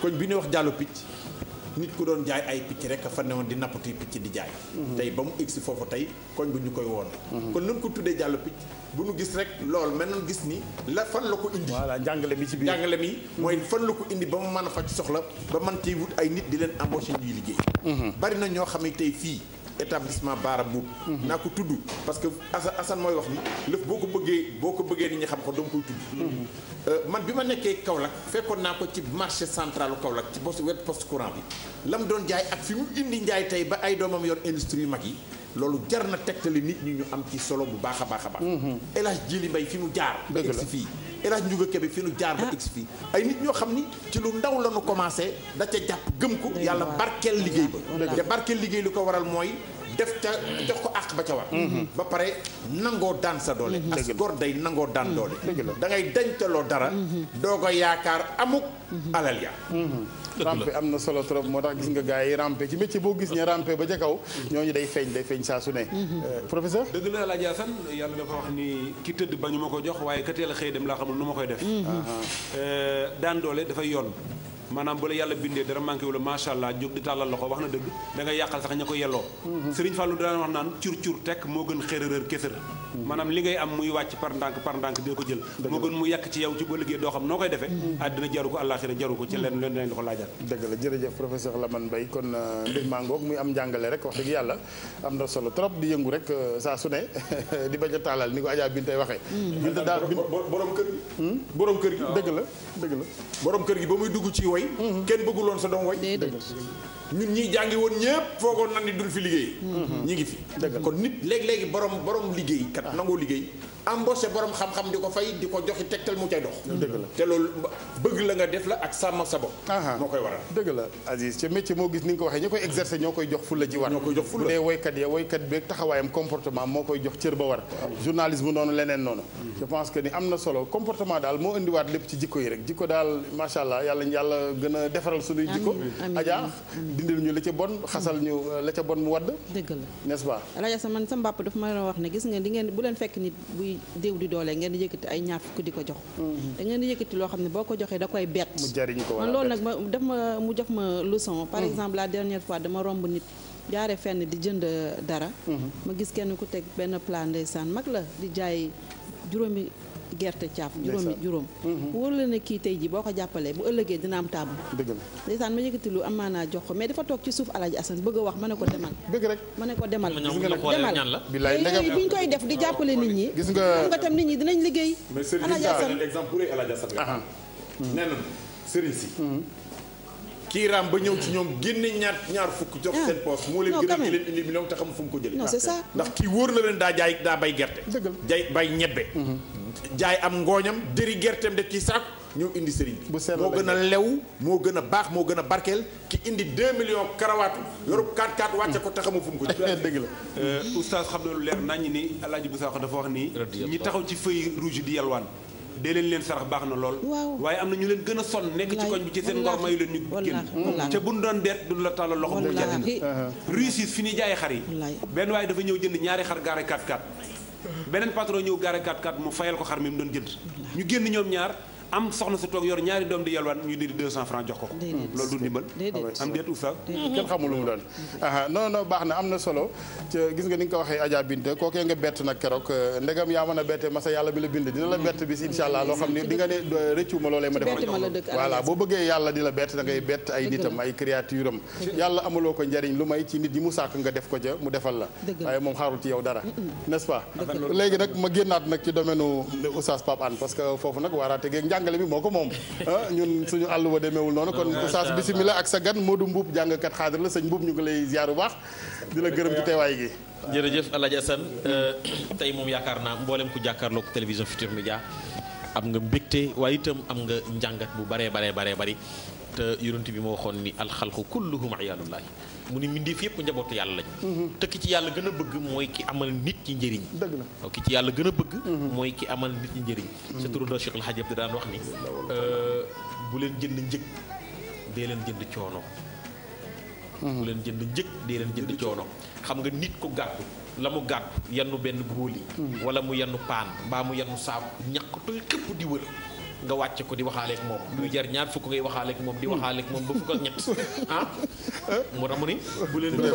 koñ bi ñuy wax jàllu picc nit ku doon jaay ay picc rek fan ne woon di nappati picc di jaay tey ba mu egsi foofu tey koñ bu ñu koy woon kon nañ ko tuddee jàllu picc bu nu gis rek lool men noonu gis ni la fan la ko indi voilà jàngale mi ci biir jàngale mi mooy fan la ko indi ba mu man a faj soxla ba man tey wut ay nit di leen embauché ñuy liggéey mhm. bari na établissement Baara Mbuub naa ko tudd parce que Assane mooy wax ni lëf boo ko bëggee boo ko bëggee nit ñi xam ko dama koy tudd euh, man bi ma nekkee Kaolack fekkoon naa ko ci marché centralu Kaolack ci poste wet poste courant bi la doon jaay ak fi mu indi njaay tey ba ay doomam yor industrie yu mag yi loolu jar na tegtali nit ñi ñu am ci solo bu baax a baax a baax. Mhm. El Hadj Jili Mbay fi mu jaar. ba egsi fii El Hadj Ndiouga Kébé fi nu jaar ba ah. egsi fii. ay nit ñoo xam ni ci lu ndaw la ñu commencé da ca jàpp gëm ko. yàlla barkeel liggéey ba. te barkeel liggéey li ko waral mooy. def ca jox ko àq ba ca war. Mhm. ba pare nangoo daan sa doole. Mhm. as gor day nangoo daan doole. da ngay denc loo dara. doo ko yaakaar amuk alal ya rampe am na solo trop moo tax gis nga gaa yi rampe ci métier boo gis ña rampe ba ca kaw mhm. ñooñu day feeñ day feeñ saa su ne mhm. euh, professeur dëgg la Alaaji Asan yàlla dafa wax ni ki tëdd ba ñu ma ko jox waaye ka teel a xëy dem laa xamul nu ma koy def mhm. ah, ah. Euh, daan doole dafay yoon maanaam bu la yàlla bindee dara manqué wu la macha allah jóg di tàllal loxo wax na dëgg da nga yàqal sax ña ko yelloo mm-hmm. Serigne Fallou daan wax naan cur cur tekk moo gën xërërër kétër mm-hmm. maanaam li ngay am muy wàcc par ndànk par ndànk dina ko jël moo gën mu yàq ci yow ci boo liggéey doo xam noo koy defee mm-hmm. àddina ko àllaaxira jaru ko ci leen leen dinañ la ko laajal dëgg la jërëjëf professeur Lamane Mbaye kon euh, mbir maa ngoog muy am njàngale rek wax dëgg yàlla am na solo trop di yëngu rek euh, saa su ne di bañ a taalal ni ko Adja Bintey waxee Binta daal borom kër gi hmm? kër gi dëgg la dëgg la borom kër gi ba muy dugg ci way woy kenn bëgguloon sa doom woy ñun ñi jàngi woon ñëpp foogoon nan ni duñ fi liggéey mmh. ñi ngi fi kon nit léeg-léegi borom boroom liggéey kat nangoo liggéey embauché borom xam-xam di ko fay di ko joxi tegtal mu cay dox. dëgg la te loolu bëgg la nga def la ak sàmm sa bopp. moo koy waral. dëgg la Aziz ko waxee ñi koy exercer ñoo koy jox fulla ji war. ñoo mm-hmm. na solo comportement daal moo indiwaat lépp ci jikko yi rek jikko a defaral la ca euh, la ca bon mu wadd. dëgg la n'est-ce man sa mbàpp daf ma wax ne gis nga di ngeen bu fekk nit buy koy déw di doole ngeen di yëkkati ay ñaar fukk di ko jox mm-hmm. da ngeen di yëkkati loo xam ne boo ko joxee da koy bett mu jariñ ko man loolu nag ma daf ma mu jox ma leçon par mm-hmm. exemple la dernière fois dama romb nit jaare fenn di jënd dara mm-hmm. ma gis kenn ku teg benn plan ndeysaan mag la di jaay juróomi gerte caaf juróomi juróom mhm. wóor la ne kii tey ji boo ko jàppalee bu ëllëgee dina am taabu dëgg la ndeysaan ma yëkkati lu am maanaa jox ko mais dafa toog ci suuf alaaji Assane bëgg a wax ma ne ko demal dëgg rek ma ne ko demal demal bilaay ndegam bu ñu koy def di jàppale nit ñi gis nga tam nit ñi dinañ liggéey alaaji Assane exemple pour alaaji Assane nee na sëriñ si mhm. ba ñëw ci ñoom génne ñaar ñaar fukk jox ah. seen poos moo leen gën a ki leen indi million te xam fu mu ko jëlee ndax kii wóor na leen daa jaay daa bay gerte jaay bay ñebbe mhm. jaay am ngooñam dëri gerteem def ci saaku ñëw indi sëriñ bi moo gën a lew moo gën a baax moo gën a barkeel ki indi 2 millions karawaatu yorub 4 4 wàcce ko taxamu fu mu ko dëgg la euh, oustaz xam na lu leer nañ ni alaaji bu saaxo dafa wax nii ñi taxaw ci feuille rouge di yalwaan dee leen leen sarax baax na lool waaye am na ñu leen gën a sonn nekk ci koñ bi ci seen ngor mayu leen ñu génn ca buñ doon deet duñ la tàllal loxo bu la jàddina ruusis fi ñuy jaay xar yi benn waaye dafa ñëw jënd ñaari xar gaare 4 4 beneen patron ñëw gaare 4x4 mu fayal ko xar mi mu doon jënd ñu génn ñoom ñaar am soxna su toog yor ñaari doom di yalwaan ñu di 200 francs jox ko hmm. loolu du ndimbal. Ah am déet na am na solo gis nga ni nga ko waxee Adja Binta kookee euh, a la di nga ne euh, rëccu ma loolee ma def voilà boo bëggee yàlla di da ngay bett ay nitam ay créature am yàlla amuloo ko njariñ lu may ci nit yi mu sàkk nga def ko ca mu defal la waaye moom xaarul ci yow dara n'est-ce léegi nag ma génnaat nag ci domaine u oustaz Pape Anne foofu nag waaraate geeg njàng jàngale moo ko moom ah, ñun suñu àll wa demeewul noonu kon oustaz bisimila ak sa gan Modou jàng kat xaadir la sëñ Mbuub ñu ngi lay ziar bu baax di la gërëm ci teewaay gi jërëjëf Alaaji Assane euh, tey moom yaakaar naa mboolem ku jàkkaarloo ko télévision Futur jaa am nga mbégte waaye itam am nga njàngat bu baree baree baree bari te yonent bi moo waxoon ni alxalqu kulluhum iyaalullahi mu ni mbindeef yëpp njabootu yàlla lañu. Mm-hmm. te ki ci yàlla gën a bëgg mooy ki amal nit ñi njëriñ. dëgg la ki ci yàlla gën a bëgg. Mm-hmm. mooy ki amal nit ñi njëriñ. Mm-hmm. sa turandoo Cheikh El Hadj Abdou daan wax ni euh, bu leen jënd njëg dee leen jënd coono. bu leen jënd njëg dee leen jënd coono xam nga nit ku gàddu la mu gàddu yannu benn góoli. wala mu yannu paan mbaa mu yannu saabu ñàkk tooy képp di wër. nga wàcc ko di waxaaleeg moom luy jar ñaar fukk ngay waxaaleeg moom di waxaaleeg moom ba fukk ak ñett ah mu tax mu ni bu leen jënd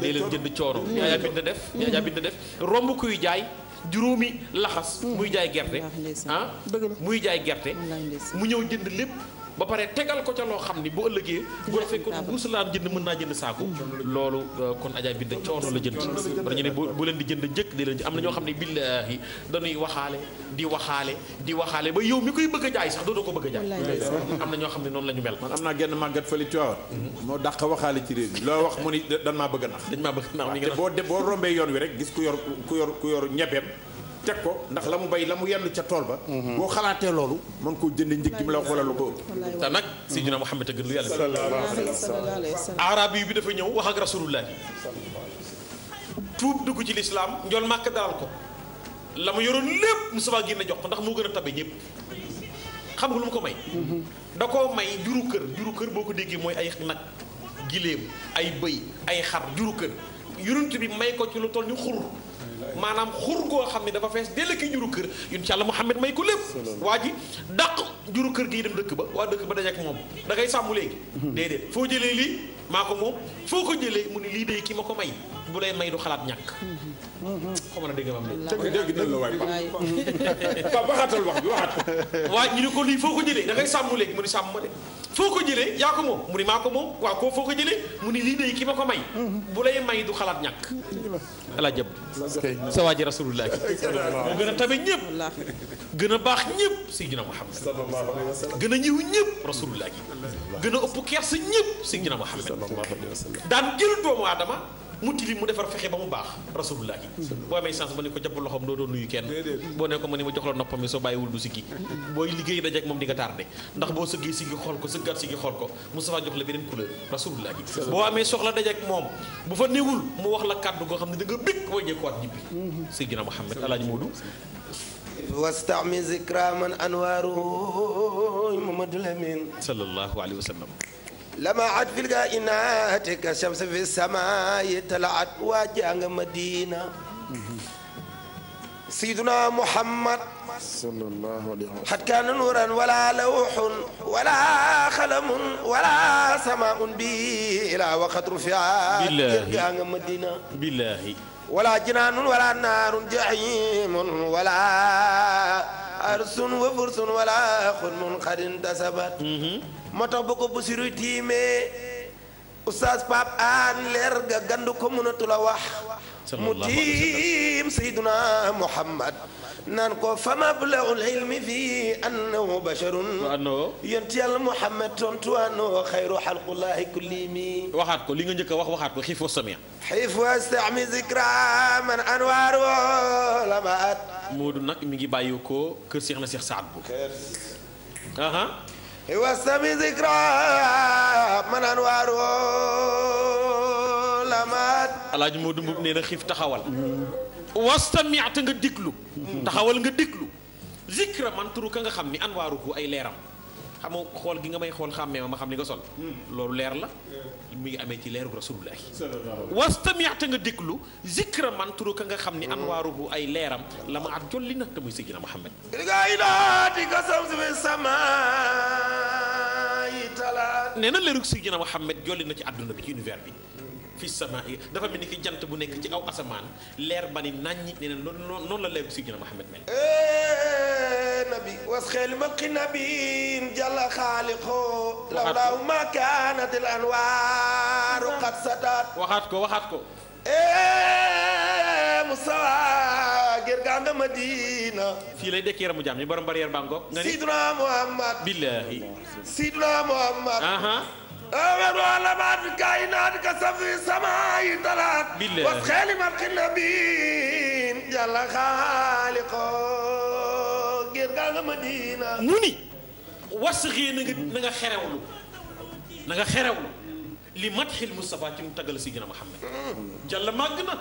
dee leen jënd coono yaayaa bind def yaayaa bind def romb kuy jaay juróomi laxas muy jaay gerte ah muy jaay gerte mu ñëw jënd lépp ba pare tegal ko ca loo xam ni bu ëllëgee bu defee kon buusa laan jënd mën naa jënd saaku loolu euh, kon ajaa bi da coono la jënd dañu ne bu leen di jënd njëkk di leen am na ñoo xam ne billaahi dañuy waxaale di waxaale di waxaale ba yow mi koy bëgg a jaay ko bëgg a jaay am na ñoo xam ne noonu lañu mel man am naa genn màgget màggat fële Tiwaawan mhm. moo dàq waxaale ci réew loo wax mu ni dañ maa bëgg a nax dañ maa bëgg a nax boo rombee yoon wi rek gis ku yor ku yor ku yor ñebeem teg ko ndax la mu bay la mu yenn ca tool ba mhm. boo xalaatee loolu mën koo jënd njëg gi mu la wax wala lu ko te nag Seydina Muhammad a gën lu yàlla arabi bi dafa ñëw wax ak rasulullah tuub dugg ci lislaam njool màkk dalal ko la mu yoroon lépp Mustafa génn jox ko ndax moo gën a tabe ñëpp xam nga lu mu ko may mhm. da koo may juru kër juru kër boo ko déggee mooy ay nag giléem ay bëy ay xar juru kër yonent bi may ko ci lu toll ni xur maanaam xur goo xam ne dafa fees dell ki juru kër yonent Yàlla Muhammad may ko lépp waa ji dàq juru kër gi dem dëkk ba waa dëkk ba dajek moom da ngay sàmm léegi mhm. déedéet foo jëlee lii maa ko moom foo ko jëlee mu ne lii day ki ma ko may bu lay may du xalaat ñàkk mhm. xaw ma na dégg dégg dégg la waay ba waxatal wax bi waxat waaye ñu ne ko lii foo ko jëlee da ngay sàmm léegi mu ni sàmm ma de foo ko jëlee yaa ko moom mu ni maa ko moom waaw koo foo ko jëlee mu ni lii de ki ma ko may bu lay may du xalaat ñàkk sa waaji rasulullah moo gën a tabe ñëpp gën a baax ñëpp Seydina Muhammad gën a ñëw ñëpp rasulullah gën a ëpp kersa ñëpp Seydina Muhammad daan jël doomu aadama mu tilim mu defar fexe ba mu baax rasulullah yi mm-hmm. boo amee chance ba ne ko jàpp loxoom doo doon nuyu kenn boo ne ko ma ne ma jox la noppam yi soo bàyyiwul du siggi booy liggéey dajeek moom di nga ndax boo sëggee siggi xool ko sëggaat siggi xool ko Moustapha jox la beneen couleur rasulullah yi boo amee soxla dajeek moom bu fa néewul mu wax la kàddu goo xam ne da nga bég way ñeekuwaat ñibbi mm-hmm. Seydina Mouhamed alaaji Moodu mm-hmm. wastami zikra man anwaaru Mamadou Lamine sallallahu alayhi wa sallam lamaat fil kainaati ka shams fi samaayi talaat waa jàng Madina Seydina Muhammad sallallahu alayhi wa sallam xat kaana nuuran wala lawxun wala xalamun wala samaaun bi ilaa waqat rufiat jàng Madina billaahi wala jinaanun wala naarun jahimun wala ars wa furs wala xun mun xarin tasabat mm-hmm. moo tax ba ko busiru tiimee oustaz Pape Hann leer ga gandu ko mënatu la wax mu tiim sayduna Muhammad naan ko fa mablaul ilmi fii annahu basharun annahu yont yàlla muhammad tontu annahu waxaat ko li nga njëkk a wax waxaat ko xiif wa samia nag mi ngi bàyyi ko kër Seex na Seex Saad bu xiif wa taxawal mm-hmm. wastamiata nga diglu taxawal nga diglu zikra man turu ka nga xam ni anwaaruhu ay leeram xam nga xool gi nga may xool xàmmee ma xam li nga sol loolu leer la mi ngi amee ci leeru rasulullahi wastamiata nga diglu zikra man turu ka nga xam ni anwaaruhu ay leeram la ma at jolli nag te muy Seydina Muhammad nee na leerug Seydina Muhammad jolli na ci àdduna bi ci univers bi fi samaa'i dafa mel ni ki jant bu nekk ci aw asamaan leer ba ni naññi nee na noonu la leer bi si gën Muhammad mel. nabi wasxeel maqi nabin jalla xaaliqoo lawlaaw ma kaanat al anwaaru qad sataat waxaat ko waxaat ko Mustafa gër gaa nga Madina fii lay dëkk yaramu jaam ñi borom bariyeer baa ngoog nga Muhammad billaahi Siduna Muhammad أمر على بعد الكائنات كسفي سماء طلعت وسخالي مرق النبيين جل خالقه غير كذا مدينة نوني وسخي نغا خيرولو نغا خيرولو li mat xil Moustapha ci mu taggal si gën a Muhammad Jalla màgg na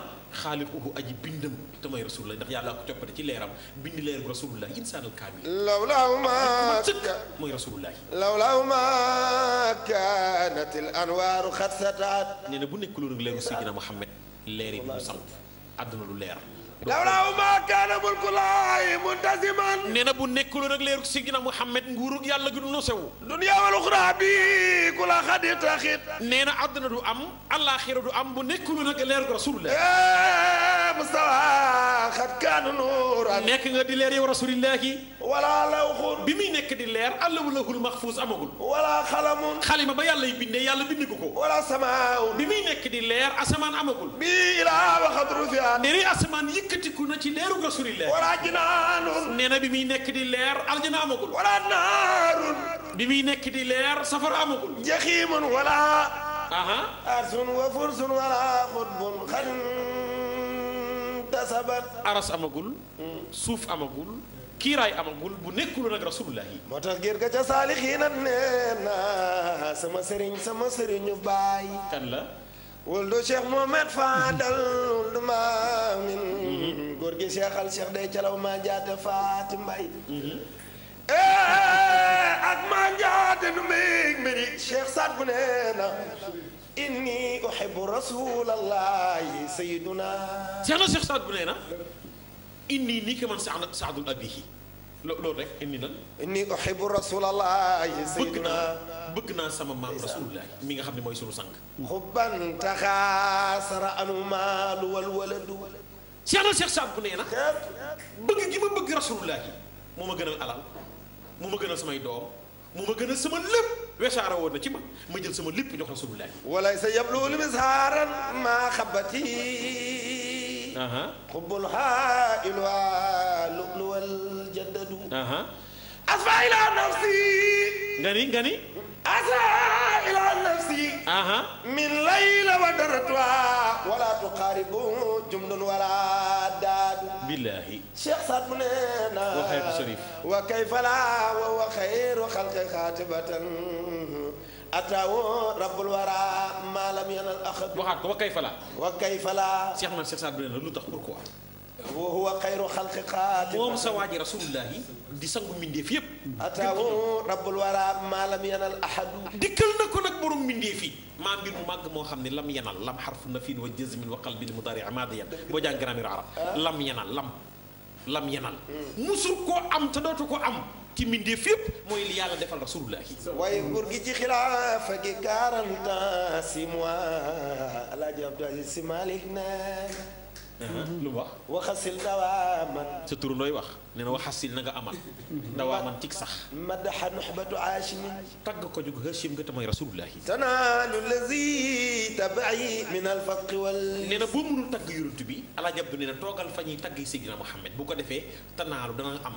xaaliquhu aji bindam te mooy rasulullah ndax yàlla ko coppate ci leeram bind leer bu rasulullah insaanal kaamil lawlaw ma sëkk mooy rasulullah lawlaw ma kaanat al anwaaru xat sataat nee na bu nekk loolu leeru sidina Muhammad leer yi bu mu samp àdduna lu leer dawlaawu maa kaana mulku laahi muntaziman nee bu nekkul nag leerug Sidina Muhammad nguurug yàlla gi du nu sew dunyaa wal uxraa bi ku la du am alaaxira du am bu nekkul nag leerug rasulullah nekk nga di leer yow rasulillahi wala lawxun bi muy nekk di leer allahu lahul maxfuus amagul wala xalamun xalima ba yàlla yi bindee yàlla bind ko ko wala samaaun bi muy nekk di leer asamaan amagul bi ilaa waxadru fi an deri asamaan yëkkatiku na ci leeru rasulillahi wala jinaanun nee na bi muy nekk di leer aljana amagul wala naarun bi muy nekk di leer safara amagul jaxiimun wala aha arsun wa fursun wala xutbun xan iktasabat aras amagul suuf amagul kiiraay amagul bu nekkul nag rasulullah moo tax géer ca saalixiina nee na sama sëriñ sama sëriñu baay kan la wol du cheikh mohamed faadal wol du maamin mhm. góor gi al cheikh day calaw maa jaate faati mbay mhm. eh, ak maa jaate nu mbég mbiri cheikh saat bu nee inni uhibbu rasulallahi sayyiduna. seex na seex Saad bu nee na. inni nii ka man Saad Saadul abihi loolu rek inni lan. inni uhibbu rasulallahi sayyiduna. bëgg naa bëgg naa sama maam rasulullah mi nga xam ne mooy sunu sang. xubban taxaasara anumaalu wal waladu. seex na seex Saad bu nee na. bëgg gi ma bëgg rasulullahi moo ma gënal alal moo ma gënal samay doom. mu ma gën a sama lépp wesaara woon na ci ma ma jël sama lépp jox rasulullah wala sa yabluulu mishaaran maa xabati xubbul haa ilwa luluwal jaddadu asfa ila nafsi nga ni nga ni asa ila nafsi min layla wa daratwa wala tuqaaribu jumlun wala billaahi cheikh Saad mu neena waxeetu sharif wa kayfa laa wa wa xayru xalqi xaatibatan ataawo rabbul wara maalam yanal axad waxaat ko wa kayfa laa wa kayfa laa cheikh maam cheikh Saad mu neena lu tax pourquoi wa huwa xayru xalqi xaatibatan moom sa waaji rasuulullaahi di sangu mbindeef yépp ataahu rabbul wara maa lam yanal ahadu dikkal na ko nag borom mbindeef yi maa mbir mu màgg moo xam ne lam yanal lam xarfu nafin wa jazmin wa qalbin mudari maadi yan boo jàng grammaire arab ah. lam yanal lam lam yanal hmm. musul koo am te dootu ko am ci mbindeef yépp mooy li yàlla defal rasulullah yi waaye nguur gi ci xilaafa gi quarante ans six mois Uh-huh. lu mu wax. waxasil dawaaman. sa tur looy wax nee na waxasil na nga amal. dawaaman tig sax. madaxa nuxbatu aashimi. tagg ko jug Hachim nga te mooy rasulullahi. tanaalu lazi tabai min alfaqi wal. nee na boo mënul tagg yonent bi. Alaaji Abdu nee na toogal fa ñuy tagg Seydina Muhammad bu ko defee tanaalu dana am.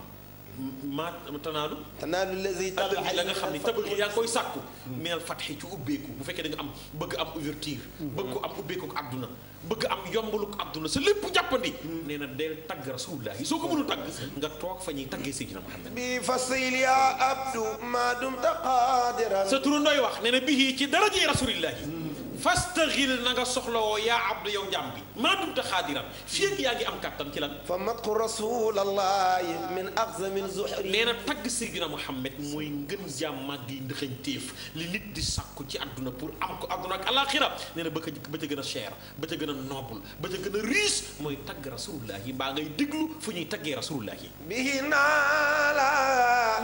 ma tanaalu tanaalu lazi la nga xam ne tab yaa koy sàkku minal fatxi ci ubbeeku bu fekkee da am bëgg am ouverture bëgg ko am ubbeeku ko àdduna bëgg am yombalu ko àdduna sa lépp jàppandi nee na del tagg rasulullahi soo ko mënul tagg nga toog fa ñuy taggee Seydina Muhammad bi fasil ya abdu ma dumta qaadiran sa turu ndoy wax nee na bii ci darajee rasulillahi fastaxil na nga soxlawoo yaa abdu yow njàm bi maa dumta xaadiran fii ak yaa ngi am kàttan ci lan fa matku rasulallahi min axzami zuhri nee na tagg Seydina Muhammad mooy ngën jaam màgg yi ndëxañ téef li nit di sàkku ci àdduna pour am ko àdduna ak alaxira nee na ba ca ba ca gën a cher ba gën a noble ba a gën a riche mooy tagg rasulullahi mbaa ngay déglu fu ñuy taggee rasulullahi bihi naa la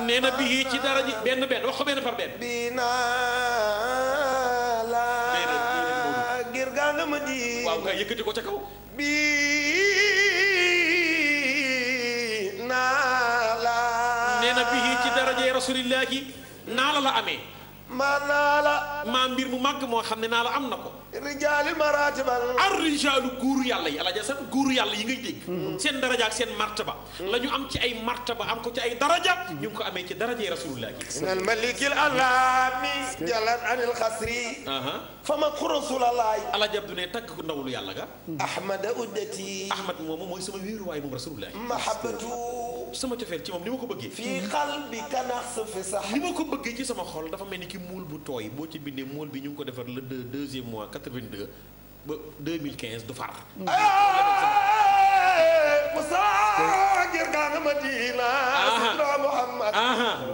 nee na bihi ci dara ji benn benn wax ko benn par benn bi naa la ngir gaa nga ko ca kaw bi la bihi ci daraje rasulillahi naa la la amee maa naa la maa mbir mu màgg moo xam ne naa la am na ko rijaali maratibal arrijalu góoru yàlla yi alaja sax góoru yàlla yi ngay dégg seen daraja ak seen martaba hmm. la am ci ay martaba am ko ci ay daraja ñu ngi ko amee ci daraja yi rasulullah gi al malikil alami jalan anil xasri fa ma ko rasulallaahi alaja du ne tagg ko ndawlu yàlla ga ahmada uddati ahmad moomu mooy sama wéeruwaay moom rasulullah mahabatu sama cofeel ci moom ni ma ko bëggee fii qalbi kanax fi sax ni dafa ni ki muul bu tooy boo ci bindee muul bi ñu ngi ko defar le deuxième mois 82 ba 2015 du far. Musaa ah, ah, ah, ngir gaana Madina. sidra Muhammad.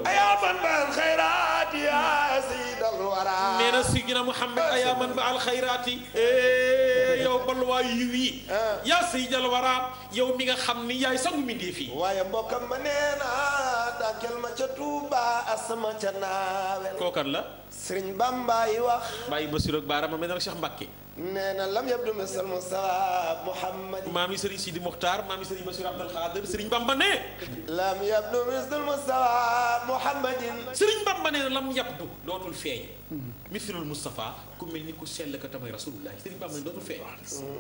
ayaa man ba alxayraat yaa sayyidal wara. nee na Sidina Muhammad ayaa man ba alxayraat yi. Eh, yow balwaa yiw yi. yaa sayyidal wara yow mi nga xam ni yaay sangu mi dee fii. waaye mbokkam ma nee na. sàkkel ma ca Touba asama ca naawel kookan la sëriñ Bamba yi wax bàyyi Basiru ak baaraam ma mel nag Cheikh Mbacke nee na lam yabdu misal Mustafa Muhammad maami sëriñ Sidi Muxtaar maami sëriñ Basiru Abdul Xaadir sëriñ Bamba ne lam yabdu misal Mustafa Muhammadin sëriñ Bamba ne lam yabdu dootul feeñ mithlul Moustapha ku mel ni ku sell ka tamay rasulullah sëriñ Bamba ne dootul fee.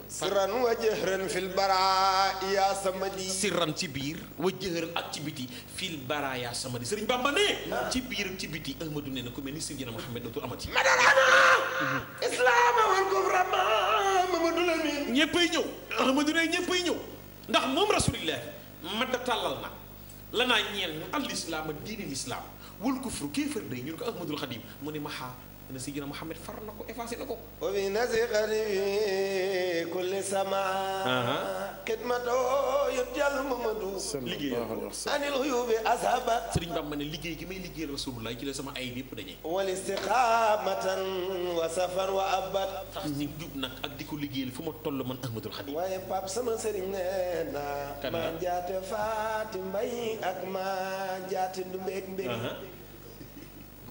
sirran wa jëhran fil bara yaa samadi. sirran ci biir wa jëhran ak ci biti fil bara yaa samadi sëriñ Bamba ne. ci biir ci biti Ahmadu ne na ku mel ni Sayyidina Muhammad dootul amati. madarama. islam wal kufra ma Mamadou Lamine. ñëppay ñëw Ahmadu ne ñëppay ñëw ndax moom rasulillah madda tàllal na la naa ñeen al islam diinil islam. wul kufru kéefër day ñu ne ko Ahmadul Xadim mu ne maxaa na Seydina Muhammad far na ko effacé na ko wa bi nasiqari kulli sama xidmato yut jàll mamadu liggéey anil uyubi liggéey gi may liggéeyal rasulullah ci la sama ay lépp dañee wal istiqamatan wa safan wa abat tax ci jub nag ak di ko liggéeyal fu ma toll man Ahmadul Xadim waaye pap sama sëriñ nee na jaate faati mbay ak ma jaate du mbéeg mbéeg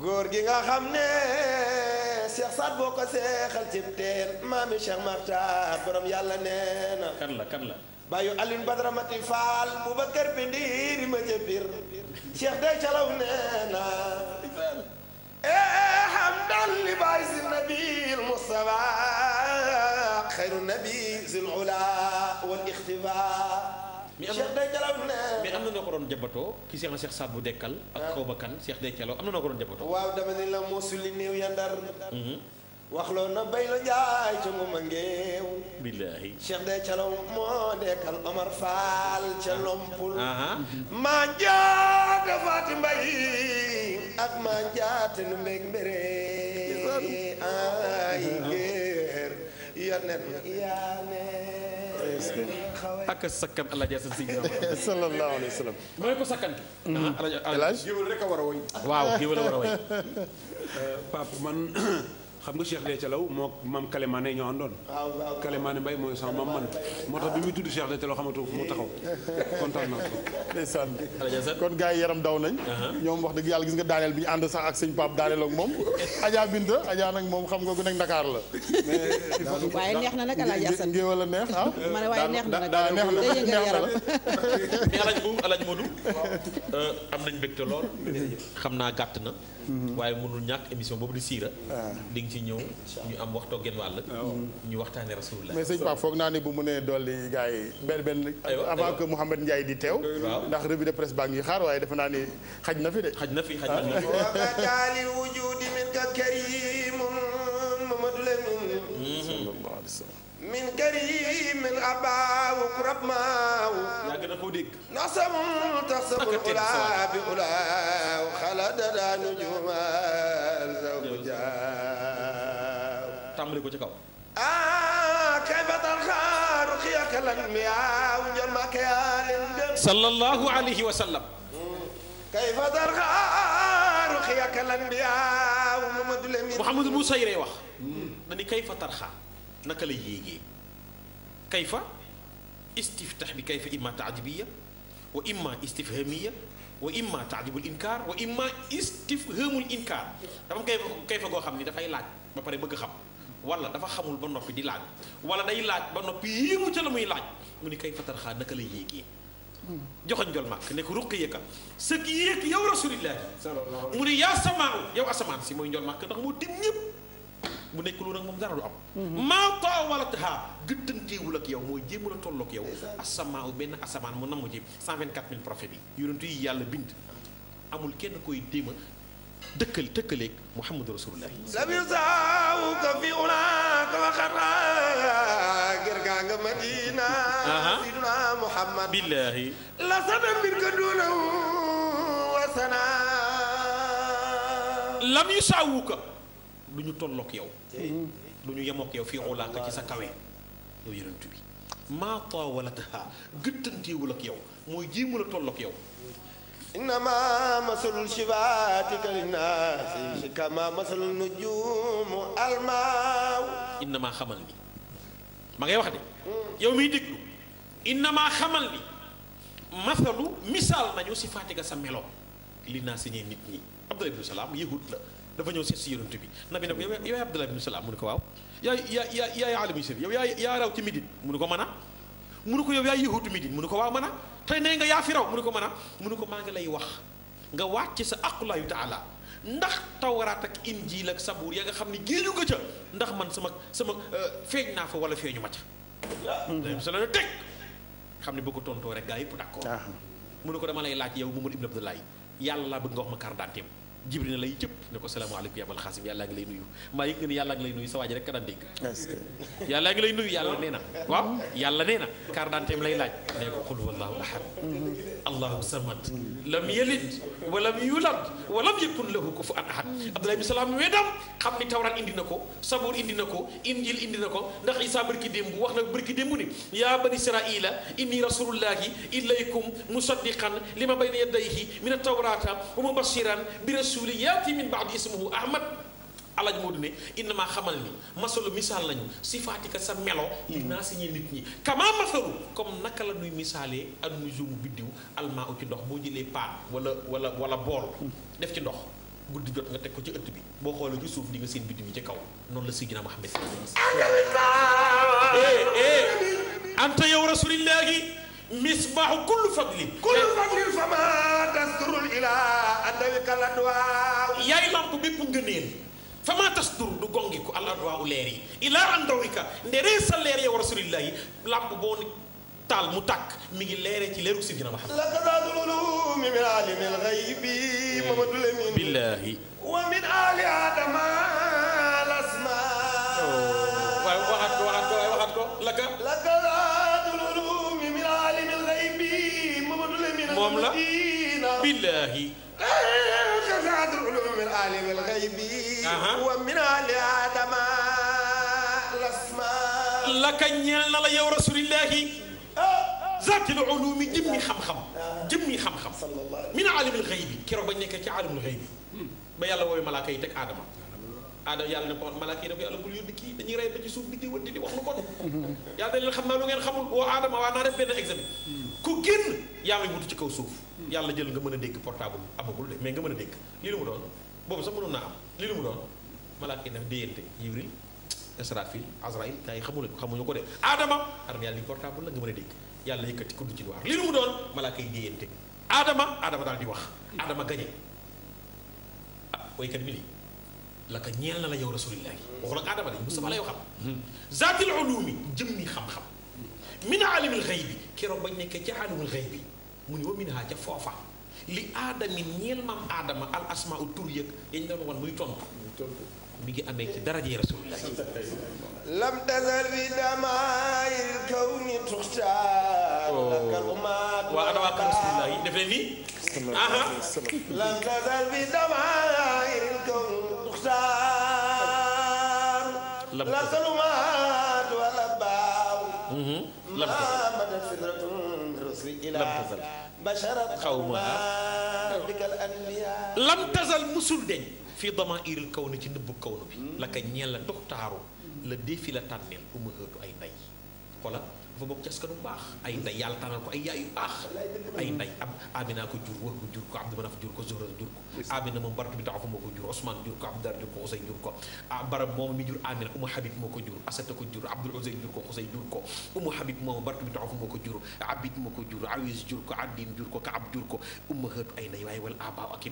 góor gi nga xam ne Cheikh Saad boo ko seexal cim teen maami Cheikh Makhtar borom yàlla nee na kan la kan la bàyyu Alioune Badara Mati Fall Boubacar Pindiir ma ca biir Cheikh day calaw nee na ee hamdan li baay si nabil Mustafa xayru nabi zil ula wal ixtifa Cheikh Deccalaw nee mais am na noo ko doon jabatoo ki Cheikh Cheikh Sabu Dekkal ak Xawba ah. Kan Cheikh Deccalaw am na noo ko doon jabatoo waaw dama ni la moo sulli néew ya ndar mhm. waxloo na bay la njaay ca ngum a ngeew billaahi Cheikh Deccalaw moo dekkal Omar Fall ca ah. Lompul maa njaata Faati Mbay ak maa njaata lu mbéeg mbére ay géer ya nen yaa ne ak a sakkan El Hadj Assane Seydina Mohamed. sallallahu alayhi wa sallam. mooy ko sakkan. Mm. Ah, El Hadj géwél rek a war a woy. waaw géwél a war a woy. Euh, Pape man. xam nga Cheikh Dethialaw moo maam Kalemane ñoo àndoon. waaw waaw Kalemane Mbaye mooy sama maam man moo tax bi muy tudd Cheikh Dethialaw xamatu mu taxaw kontaan naa nañ. Uh-huh. ñoom wax dëgg yàlla gis nga daaneel bi ñu ànd sax ak sëñ Pape daaneel ak moom. Adja Binta Adja nag moom xam la. na nag Alaaji Assane ma ne waaye neex na nag ah. daal neex na neex na la. mais Alaaji bu Alaaji Modou. Euh, am nañ mbégte lool. xam naa gàtt na. Mm-hmm. waaye mënul ñàkk émission boobu di siira. Ah. di ci ci ñëw ñu am waxtoo genn wàll ñu waxtaane rasulullah mais sëñ foog naa bu mu nee dolli gars benn benn avant que Mouhamed di teew ndax revue de presse baa ngi xaar waaye defe naa xaj na fi de xaj na fi xaj na fi ah. wakatali wujudi min ka karimun Mamadou Lamine mhm. sallallahu alayhi wa sallam min karimin abawuk tàmbali ko ci kaw ah, sallallahu alayhi wa sallam Mouhamadou Moussa wax na ni kayfa tarxaa naka la yéegee kayfa bi kayfa imma taajibiya wa imma istifhamiya wa imma taajibul inkaar wa imma istifhamul inkaar dafa am ni dafay laaj ba pare bëgg xam wala dafa xamul ba noppi di laaj wala day laaj ba noppi mu ca la muy laaj mu ni kay fatar xaa naka la yéegee joxoñ jol màkk ne nekk ruq yëkkal sa yéeg yow rasulillahi mu ni yaa samaaw yow asamaan si mooy njol màkk ndax moo tim ñëpp bu nekk lu nag moom dara du am mm-hmm. maa taawalataha gëddanteewul ak yow mooy jéemul a toll ak yow asamaaw benn asamaan mu namm ci 124 000 bi yi yonentu yi yàlla bind amul kenn koy déema dëkkal dëkkaleeg Muhammadu Rasulullah lam yusaawuka fi ulaaka waxata gër gaa nga madina siduna Muhammad billaahi la sana mbir ka doonawu wasana lam yusaawuka lu ñu tolloog yow lu ñu yemoog yow fii ulaaka ci sa kawe yow yonent bi maa taawalataha gëttanteewul ak yow mooy jéemul a tolloog yow إنما مثل شفاتك للناس كما مثل النجوم الماء إنما xamal li ma ngay wax de yow miy déglu innama xamal li masalu misaal nañu si fatiga sa melo li naa si ñee nit ñi Abdullah ibnu Salaam yahud la dafa ñëw seet si yonent bi nabi ne ko yow yaay Abdullah yaa yaa yaa yaa yaa yaa raw ci midin mu ko mën a ko yow yaa yahudu midin mu ko waaw mën tey nee nga yaa fi raw mu ne ko man a mu ko maa ngi lay wax nga wàcc sa aqulayu taala ndax tawraat ak injiil ak sabuur ya nga xam ne géeju nga ca ndax man sama sama euh, feeñ naa fa wala feeñu ma ca mm-hmm. sa la teg xam ne boo ko tontoo rek gaa yëpp d'accord ah. mu ne ko dama lay laaj yow Mamadou Ibn laay yàlla bëgg nga wax ma carte d'identité jibri na lay jëpp ne ko salaamaaleykum yabal xaasim yàllaa ngi lay nuyu maa yëg nga ni yàllaa ngi lay nuyu sa waa ji a ka daan dégg yàllaa ngi lay nuyu yàlla nee na waaw yàlla nee na kaar daanteem lay laaj nee ko xul wallahu ahad allahu samad lam yalid walam yulad walam yakun lahu kufuwan ahad abdulahi bi salaam weedam xam ni tawraat indi na ko sabuur indi na ko injil indi na ko ndax isaa bërki démb wax na bërki démb ni yaa bani israila inni rasulullahi ilaykum musaddiqan lima bayna yadayhi min at-tawrata rasuliyaati min baadi ismuhu ahmad alaj moo du ne innama xamal ni masalu misaal lañu sifaatika sa melo li naa si nit ñi kama masalu comme naka la nuy misaalee u ci ndox boo jëlee paan wala wala wala bool def ci ndox guddi jot nga teg ko ci ëtt bi boo xoolee ci suuf di nga seen biddiw yi ci kaw noonu la si Seydina Muhammad eh, eh, anta yow rasulillahi misbaaxu kullu fadli. kullu fadli fama tasdurul ilaa andawi kaladwaaw. yaay lamp bépp ngëneel fama tasdur du gongi ko aladwaaw leer yi ilaa andawika nderee sa leer yow rasulillahi lamp boo taal mu tàkk mi ngi leere ci leeru sidina Muhammad. la kadaadul ulumi min alimil ghaybi Mamadu Lamin. billaahi. wa min ali adama lasma. waaw waaw. moom la billaahi xasaat ulum al alim al ghaybi wa min ali adama lasma laka ñeel na la yow rasulillahi zatil ulumi jëmmi xam-xam jëmmi xam-xam min alim al ghaybi keroog ba nekk ci alim al ghaybi ba yàlla woowee malaaka yi teg aadama aadama yàlla ne ko malaaka yi ne ko yàlla bul yónni kii dañuy rey ba ci suuf di di wëndi di wax lu bon yàlla ne leen xam naa lu ngeen xamul woo aadama waa naa def benn examen ku génn yaa ngi wutu ci kaw suuf yàlla jël nga mën a dégg portable amagul de mais nga mën a dégg lii lu mu doon boobu sax mënoon naa am lii lu mu doon malaaka yi def déyante Jibril Israfil Azraïl gars yi xamu xamuñu ko de Adama Adama yàlla la nga mën a dégg ci noir lii lu mu doon malaaka yi déyante Adama daal di wax Adama gañe ah waykat bi nii la ko ñeel na la yow rasulillah waxu la Adama de Mustafa la yoo xam hmm. zaatil ulumi jëmmi xam-xam min aalimil xëy bi keroog bañ nekkee ca aalimul xëy bi mu ni wa min ha foofa li aadamin ñeel maam aadama al asmaa ut tur yëg yañ doon wan muy tontu mi ngi amee ci daraje rasulillah lam tazal bi damaayil kawni tuxtaar lakal umaat waa ana waa rasulillah yi def leen nii lam tazal bi damaayil kawni tuxtaar لم تزل xawmaa lam tazal musul deñ fii damaa'iril kaw na ci nëbbu kaw na bi hmm. la ka ñeel la doxtaaru la défi la tànneel uma hëtu ay ndey dafa bokk ci askan bu baax ay ndey yàlla tànnal ko ay yaay yu baax ay ndey ab Amina ko jur wax jur ko Abdou Manaf jur ko Zuhra jur ko Amina moom baratu bi taxafu moo moo ko jur ko jur ko jur ko Umu ko jur ko ay ndey waaye wala abaaw ak i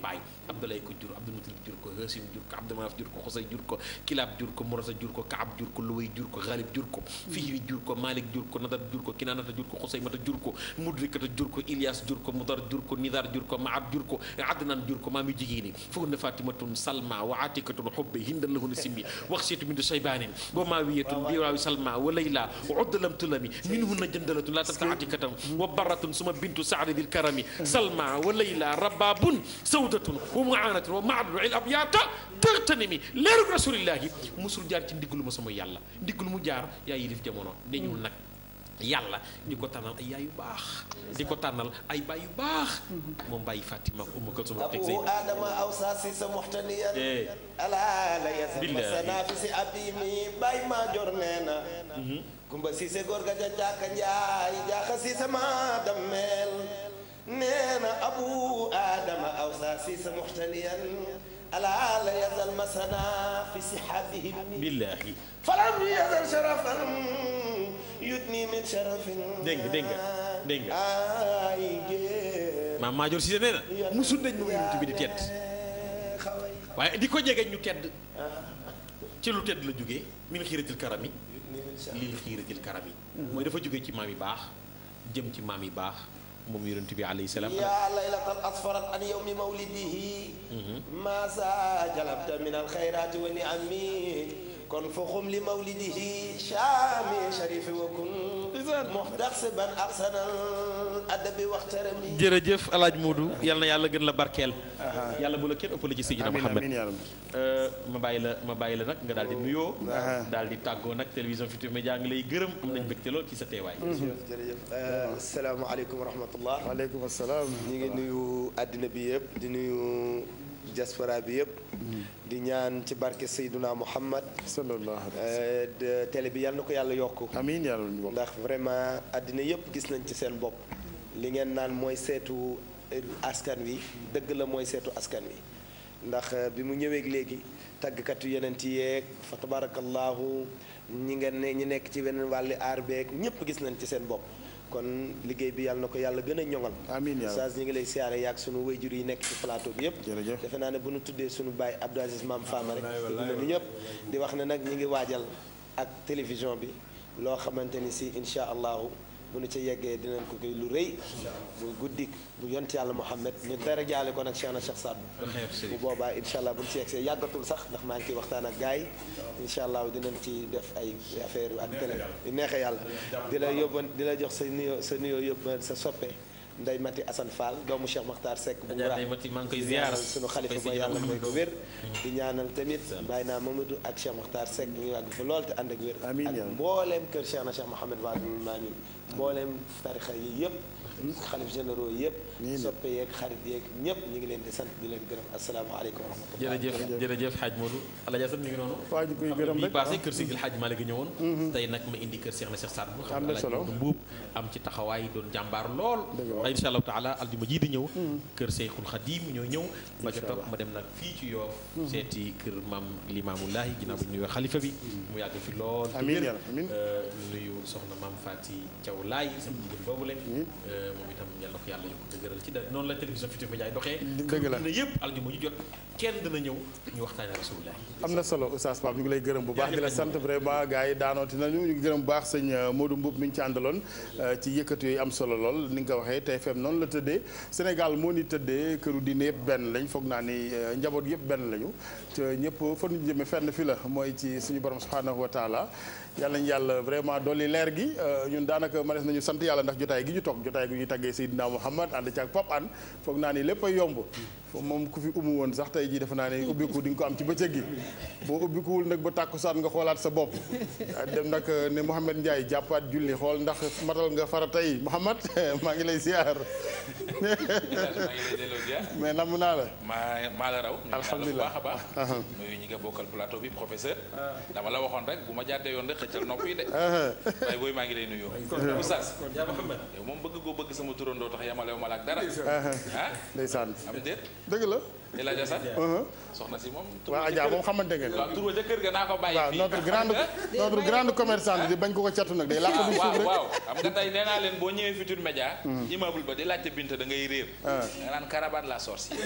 ko jur Abdul jur ko Hasim jur ko Abdou jur ko Ousay jur ko Kilab jur ko Morasa jur ko Kaab jur ko Luway jur ko Ghalib jur ko Fihri jur ko Malik jur ko Sadad jur ko Kinaanata jur ko Xusaymata jur ko Mudrikata jur ko Ilias jur ko Mudar jur ko Nidar jur ko Maat jur ko Adnan jur ko maami jigéeni foog na Fatimatun Salma wa Atikatun Xubbe hindal lahun simmi waxsiyatu min shaybaanin wa maawiyatun bi waawi Salma wa Layla wa uddalam tulami minhunna jandalatun laa tabqa Atikatam wa baratun suma bintu Saadi dil karami Salma wa Layla rabaabun sawdatun wa muaanatun wa maadun il abyaata tërtanimi leerug rasulillahi musul jaar ci ndiglu ma sama yàlla ndiglu mu jaar yaa yilif jamono deñul nag yàlla di ko tànnal ay yaay baax di ko tànnal ay baay yu baax moom bàyyi Fatima ko umma kalsum ak Zeynab abu adama aw saasi ya si abi mi bàyyi maa jor nee na gumba mhm. siise góor njaay jaaxa siise maa dammeel nee abu adama aw saasi sa muxtaniyan ألا لا يزال مسنا في سحابهم بالله فلم يزل شرفا يدني من شرف dégg nga dégg nga dégg nga maam Maajoor Cissé nee na musul dañ moom yonent bi di tedd waaye di ko jege ñu tedd ci lu tedd la jógee min xiiratil karam yi lil xiiratil karam yi mooy dafa jóge ci maam yi baax jëm ci maam yi baax moom yonent bi alayhi salaam. yaa laylatan asfarat an yawmi mawlidihi. Mhm. maa saa jalabta min alxayraati wa niami kon foxum li mawlidihi shaami sharifi wa kun muhtasaban ahsanal adabi waxtarami jërëjëf alaaj Moodu yal na yàlla gën la barkeel yàlla bu la kenn ëppale ci Sidina Muhammad euh, ma bàyyi la ma bàyyi la nag nga daal di nuyoo daal di tàggoo nag télévision Futurs Médias ngi lay gërëm am nañ mbégte lool ci sa teewaay mm-hmm. jërëjëf euh, asalaamaaleykum wa rahmatullah waaleykum asalaam ñu ngi nuyu àddina bi yëpp di nuyu diaspora bi yëpp. di ñaan ci barke Seydouna Muhammad. sallallahu alayhi wa sallam euh, télé bi yal na ko yàlla yokk. amiin yàlla ndax vraiment àddina yëpp gis nañ ci seen bopp. li ngeen naan mooy seetu askan wi dëgg la mooy seetu askan wi ndax euh, bi mu ñëweeg léegi tàggkatu yonent yeeg fa tabarakallahu ñi ngeen ne ñi nekk ci weneen wàlli aar beeg ñëpp gis nañ ci seen bopp. kon liggéey bi yàlla na ko yàlla gën a ñoŋal amiin oustaz ñu ngi lay siyaare ak sunu wayjur yi nekk ci plateau bi yëpp defe naa ne bu ñu tuddee sunu baay Abdou Aziz Mame Fama rek ñu ñëpp di wax ne nag ñu ngi waajal ak télévision bi loo xamante ni si incha allahu bu nu ci yeggee dinañ ko koy lu rëy bu guddik bu yont yàlla Muhammad ñu dara jaale ko nag Cheikhna Cheikh Saad bu boobaa incha allah bu ñu ci yeggsee yàggatul sax ndax maa ngi ciy waxtaan ak gars yi incha allah dinañ ci def ay affaire ak télé yu neexee yàlla di la yóbban di la jox sa nuyoo sa nuyoo yóbban sa soppe Ndeye Mati faal Fall doomu Cheikh Makhtar Seck bu Ngura di ñaanal sunu xalifa ba yàlla a ko wér di ñaanal tamit bàyyi naa Mamadou ak Cheikh Makhtar Seck ñu yàgg fa lool te ànd ak wér ak mbooleem kër Cheikh na Cheikh Mouhamed Wadul Maamin mbooleem tarixa yi yëpp xalif généraux yëpp soppe yeeg xarit yeeg ñëpp ñu ngi leen di sant di leen gërëm asalaamaaleykum wa rahmatulah jërëjëf jërëjëf xaaj Modou Alaaji Asan mi ngi noonu waa ji koy gërëm rek passé kër Sigil xaaj Malick ñëwoon mhm. tey nag ma indi kër Seex na Seex Saad bu xam na solo mbuub am ci taxawaay doon jàmbaar lool waaye insha allahu taala aljuma jii di ñëw mhm. kër Seexul Xadim ñoo ñëw ba ca topp ma dem nag fii ci Yoof mhm. seeti kër maam Limaamulaahi ginnaaw bu ñu nuyoo xalifa bi mu yàgg fi lool amiin euh, nuyu soxna maam Faati Thiaw Laay sama jigéen boobu leen moom itam yal na ko yàlla yokk ci da noonu la télévision Futurs Médias doxee dëgg la yëpp aljuma ñu jot kenn dina ñëw ñu waxtaane rasulullah am na solo oustaz Pape ñu ngi lay gërëm bu baax di la sant vraiment gars yi daanooti nañu ñu ngi gërëm bu baax moo euh, Modou Mboub mi ñu ci àndaloon euh, ci yëkkatu yooyu am solo lool ni nga ko waxee TFM noonu la tëddee Sénégal moo ni tëddee këru diine yëpp benn lañ foog naa ni euh, njaboot yëpp benn lañu te ñëpp fa ñu jëme fenn fi la mooy ci suñu borom subhanahu wa taala yàlla nañu yàlla vraiment dolli leer gi euh, ñun daanaka mënees nañu sant yàlla ndax jotaay gi ñu toog jotaay gi ñu tàggee Seydina Mouhamad ànd ci ak Pape Hann foog naa ni lépp ay yomb moom ku fi umu woon sax tey jii defe naa ne ubbiku di ko am ci bëccëg gi boo ubbikuwul nag ba tàkkusaan nga xoolaat sa bopp dem nag eh, ne Mouhamed Ndiaye jàppaat julli xool ndax matal nga fara tey Mouhamed maa ngi lay siyaar mais namm naa la maa maa la raw alhamdulilah bu a baax nuyu ñi nga bokkal plateau bi professeur ah. dama la waxoon rek bu ma jàddee yoon rek xëccal nopp de maa ngi lay nuyu oustaz yow moom bëgg koo bëgg sama turandoo tax yamalew ma la ak dara ah ndeysaan dëgg la. El Hadj Assane. Uh-huh. soxna si moom. waaw Adja moom xamante ngeen. waaw tur ca kër ga naa notre grande notre grande commerçante di bañ ko ko catu nag day làq bu suuf rek. waaw leen boo ñëwee Futurs Médias. Hmm. immeuble di laajte Binta da ngay réer. Ah. nga naan karabaat la sorcière.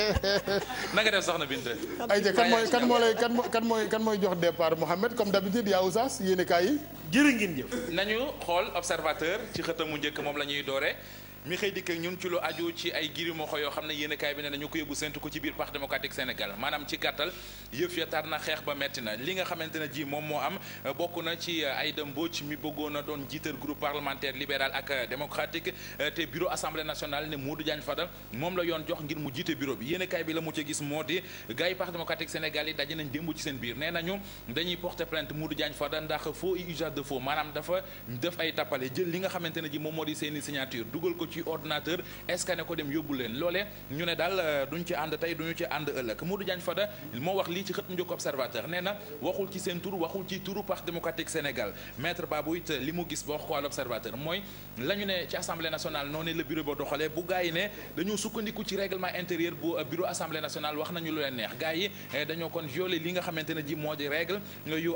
na nga def soxna Binta. ay ja mooy kan moo lay kan mooy kan mooy jox départ Mouhamed comme d'habitude yaa Oustaz yéen i kaay yi. jërë ngeen jëf. nañu xool observateur ci xëtamu njëkk moom la ñuy doore mi xëy dikk ñun ci lu aju ci ay girimoxo yoo xam ne yéen bi ne nañu ko yóbbu séntu ko ci biir Parti démocratique Sénégal maanaam ci gàttal yëf ya tar xeex ba metti na li nga xamante ne ji moom moo euh, bokk na ci euh, Aïda Mbodj mi a doon jiital groupe parlementaire libéral ak euh, démocratique te bureau assemblée nationale ne Modou Diagne Fada yoon jox ngir mu jiite bureau bi yéen kaay bi la mu ca gis moo di nee nañu dañuy porter plainte Modou Diagne Fada ndax faux et usage de faux maanaam dafa def ay ne ji moom moo di seeni signature dugal ko ci ordinateur scanné ko dem yóbbu leen loolee ñu ne daal euh, duñ ci ànd tey duñu ci ànd ëllëg Modou Diagne Fada moo wax lii ci xët mu njëkk observateur nee waxul ci seen tur waxul ci turu Parti démocratique Sénégal maître Babou it li mu gis ba wax ko à l'observateur mooy la ñu ne ci assemblée nationale noonu la bureau ba doxalee bu gars yi ne dañoo sukkandiku ci règlement intérieur bu euh, bureau assemblée nationale wax nañu lu leen neex gars yi euh, dañoo kon violé ne ji moo di règle yu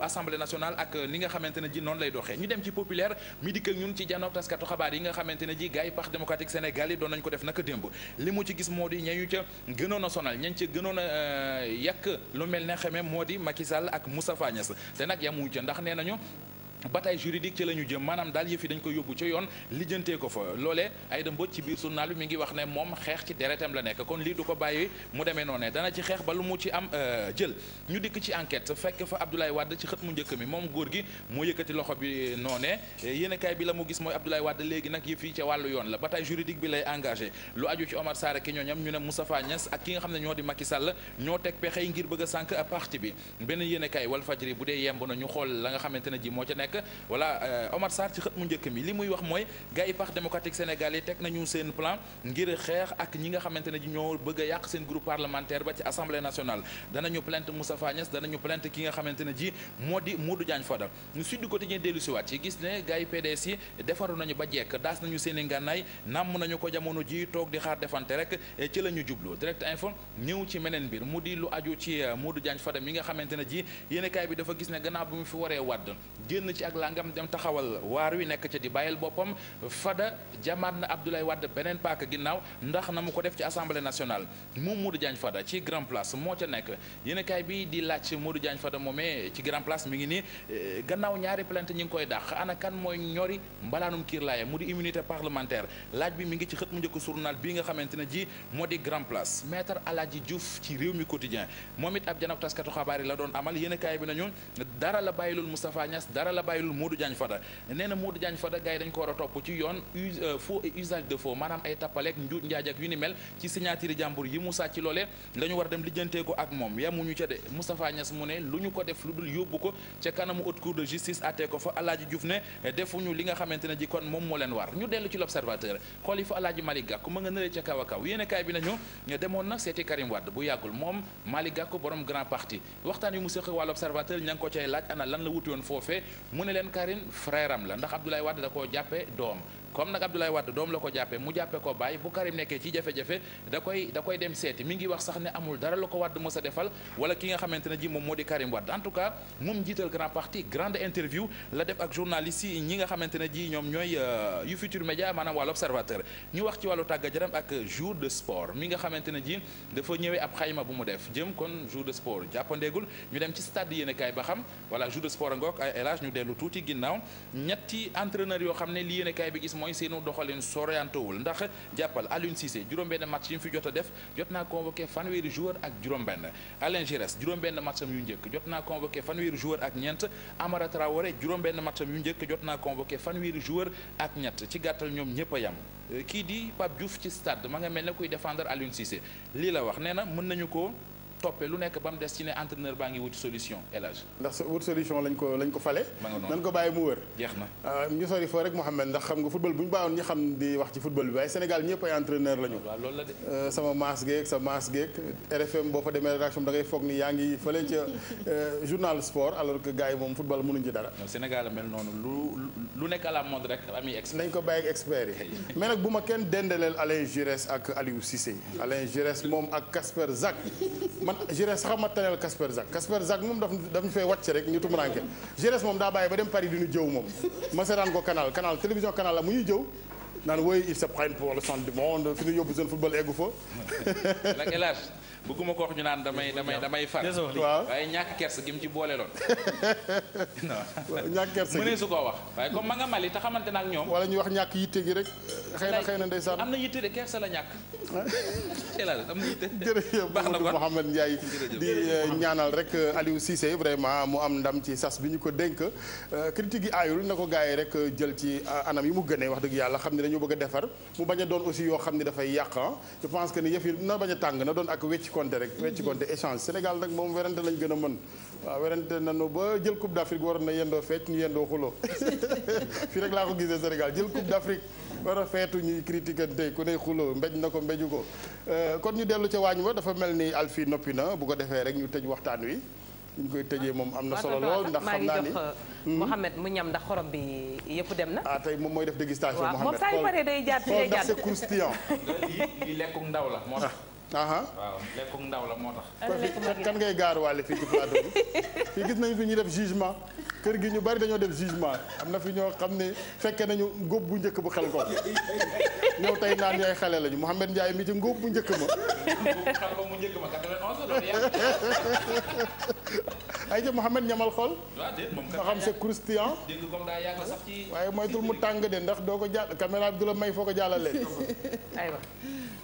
nga xamante ne ji noonu lay doxee démocratique Sénégal yi doon nañ ko def naka démb li mu ci gis moo di ñañu ca gënoon a sonal ñañ ca gënoon euh, yakk lu mel ni xeme moo di Macky Sall ak Moustapha sa te nag yamu ca ndax nee nañu bataille juridique ci la ñu jëm maanaam daal yëf yi dañ ko yóbbu ca yoon lijjantee ko fa loolee Aïda Mbodj ci biir journal bi mi ngi wax ne moom xeex ci deretam la nekk kon lii du ko bàyyi mu demee noonu dana ci xeex ba lu mu ci am euh, jël ñu dikk ci enquête fekk fa Abdoulaye wàdd ci xët mu njëkk mi moom góor gi moo yëkkati loxo bi noonee yéenekaay bi la mu gis mooy Abdoulaye Wade léegi nag yëf yi ca wàllu yoon la bataille juridique bi lay engagé lu aju ci Omar Sarr ki ñooñam ñu ne Moustapha Niass ak ki nga xam ne ñoo di Macky Sall ñoo teg pexey ngir bëgg a parti bi benn yéenekaay Walfadjri bu dee yemb na ñu xool la nga xamante ne ji moo ca nekk voilà euh, Omar Sarr ci xët mu njëkk mi li muy wax mooy gars yi parti démocratique sénégalais teg nañu seen plan ngir xeex ak ñi nga xamante ne ñoo bëgg a yàq seen groupe parlementaire ba ci assemblée nationale danañu plainte Moustapha Niasse danañu plainte ki nga xamante ne ji moo di Modou Diagne Fada Sud Quotidien dellu siwaat ci gis ne gars yi PDS yi defaru nañu ba jekk daas nañu seen i ngànnaay nàmm nañu ko jamono ji toog di xaar defante rek eh, ci la ñu jublu direct info ñëw ci meneen mbir mu di lu aju ci eh, Modou Diagne Fada mi nga xamante ne ji yéenekaay bi dafa gis ne gannaaw bi mu fi waree wàdd génn ci ci ak langam dem taxawal waar wi nekk ca di bàyyil boppam fada jamaat na Abdoulaye Wade beneen paak ginnaaw ndax na mu ko def ci assemblée nationale moom Modou Diagne Fada ci grand place moo ca nekk yéenekaay bi di laaj Modou Diagne Fada moomee ci grand place mi ngi nii eh, gannaaw ñaari plainte ñi ngi koy dàq ana kan mooy ñori mbalaanum kiir laaye mu di immunité parlementaire laaj bi mi ngi ci xët mu njëkk journal bi nga xamante ne ji moo di grand place maître Aladji Diouf ci réew mi quotidien moom it ab janok taskatu xabaar yi la bi nañu bàyyilul Modou Diagne Fada nee na Modou Diagne Fada gars yi dañ a topp ci yoon euh, faux et usage de faux maanaam ay tappaleek njuuj njaaj ak yu ni mel ci jàmbur yi mu sàcc loolee la ñu a dem lijjantee ko ak moom yemuñu ca de Moustapha lu ñu ko def lu dul yóbbu ko ca kanamu haute cour de justice àttee ko fa Alaaji Diouf ne defuñu li nga xamante ne ji kon moom moo leen war ñu dellu ci l'observateur xool yi fa Alaaji Malick Gakou ma nga kaw a bi nañu demoon nag seeti Karim Wade bu yàggul moom Malick Gakou borom grand parti waxtaan yu mu séq waa l'observateur ña ngi ko cay laaj ana lan la wuti woon foofee mu ne leen Karim frère am la ndax Abdoulaye Wade da koo jàppee doom comme nag Abdoulaye Wade doom la ko jàppe mu jàppee ko bàyyi bu Karim nekkee ci jafe-jafe da koy da koy dem seeti mi ngi wax sax ne amul dara la ko Wade mës a defal wala ki nga xamante ne ji moom moo di Karim Wade en tout cas moom njiital grand parti grande interview la def ak journaliste yi nga xamante ne ji ñoom ñooy euh, yu Futurs Médias maanaam wàllu observateur ñu wax ci wàllu tàggat yaram ak jour de sport mi nga xamante ne ji dafa ñëwee ab xayma bu mu def jëm kon jour de sport jàppandeegul ñu dem ci stade yéen kaay ba xam voilà jour de sport ngook ay élage ñu dellu tuuti ginnaaw ñetti entraîneur yoo xam ne li yéen kaay bi mooy seenu doxalin soriantowul ndax jàppal Aliou Cissé juróom-benn match yi mu fi jot a def jot naa convoqué fanweeri joueur ak juróom-benn Alain Giresse juróom-benn match yu njëkk jot naa convoqué fanweeri joueur ak ñeent Amara Traoré juróom-benn match am yu njëkk jot naa convoqué fanweeri joueur ak ñett ci gàttal ñoom ñëpp a yam euh, kii di Pape Diouf ci stade ma nga mel ne kuy défendre Aliou Cissé lii la wax nee na mën nañu ko toppee lu nekk ba mu des ci ne entraîneur baa ngi wuti solution élage ndax wut solution lañ ko lañ ko fale nañ ko bàyyi mu wër jeex na ah, ñu rek Mouhamed ndax xam nga football bu ñu ñi xam di wax ci football bi waaye Sénégal ñëpp ay entraîneur euh, sama maas geek sa maas geek RFM boo fa demee rédaction da ngay foog ni yaa ngi fële ca euh, journal sport alors que gars yi moom football mënuñ ci dara Sénégal mel noonu lu lu nekk à la mode rek ami expert nañ ko bàyyi expert yi mais ma kenn dendeleel Alain Giresse moom ak Casper man Giresse sax ma taneel Kasper Zak Kasper Zak moom daf daf ñu fay rek ñu tumuranke Giresse moom daa bàyyi ba dem Paris di jëw moom ma ko canal canal télévision canal mu ñuy jëw naan woy il se prend pour le centre du monde fi ñu yóbbu seen football eggu fa bëgguma ko wax ñu naan damay damay damay far waaye ñàkk kersa gi mu ci boole loon ñàkk kersa gi mënee su koo wax waaye comme ma nga Mali te xamante na ñoom wala ñu wax ñàkk yitte gi rek xëy na xëy na ndeysaan am na yitte de kersa la ñàkk elal am na yitte jërëjëf Mamadou Mouhamed di eh, ñaanal rek eh, Aliou Cissé vraiment mu am ndam ci sas bi ñu ko dénk eh, critique yi aayul na ko gars yi rek jël ci anam yi mu gënee wax dëgg yàlla xam ne dañoo bëgg a defar mu bañ a doon aussi yoo xam ne dafay yàq ah. je pense que ni yëf na bañ a tàng na doon ak wecc compter rek wecc compter échange Sénégal nag moom werante lañ gën a mën waaw werante nañu ba jël coupe d'Afrique waroon na yendoo fecc ñu yendoo xuloo fii rek laa ko gisee Sénégal jël coupe d'Afrique war a feetu ñuy critiquer tey ku ne xuloo mbéj na ko mbéju ko euh, kon ñu dellu ci waañ wa dafa mel ni Alfie noppi na bu ko defee rek ñu tëj waxtaan wi ñu koy tëjee moom am na solo lool ndax xam naa ni euh, hmm? Mohamed mu ñam ndax xorom bi yëpp dem na. ah tey moom mooy def dégustation. Mohamed xool xool ndax c'est croustillant. lii lekkum ndaw la moo waaw lekkum ndaw la moo tax. kan ngay gaaruwaale fii ci plateau bi fii gis nañ fi ñuy def jugement kër gi ñu bari dañoo def jugement am na fi ñoo xam ne fekke nañu ngóob bu njëkk bu xel ko ñëw tey naan yaay xale lañu Mouhamed Ndiaye mi ci ngóob bu njëkk ma. ko mu njëkk ma 91 ay jë Mouhamed ñamal xol. nga xam c'est croustillant. waaye moytul mu tàng de ndax doo ko jàll caméra du la may foo ko jàllalee.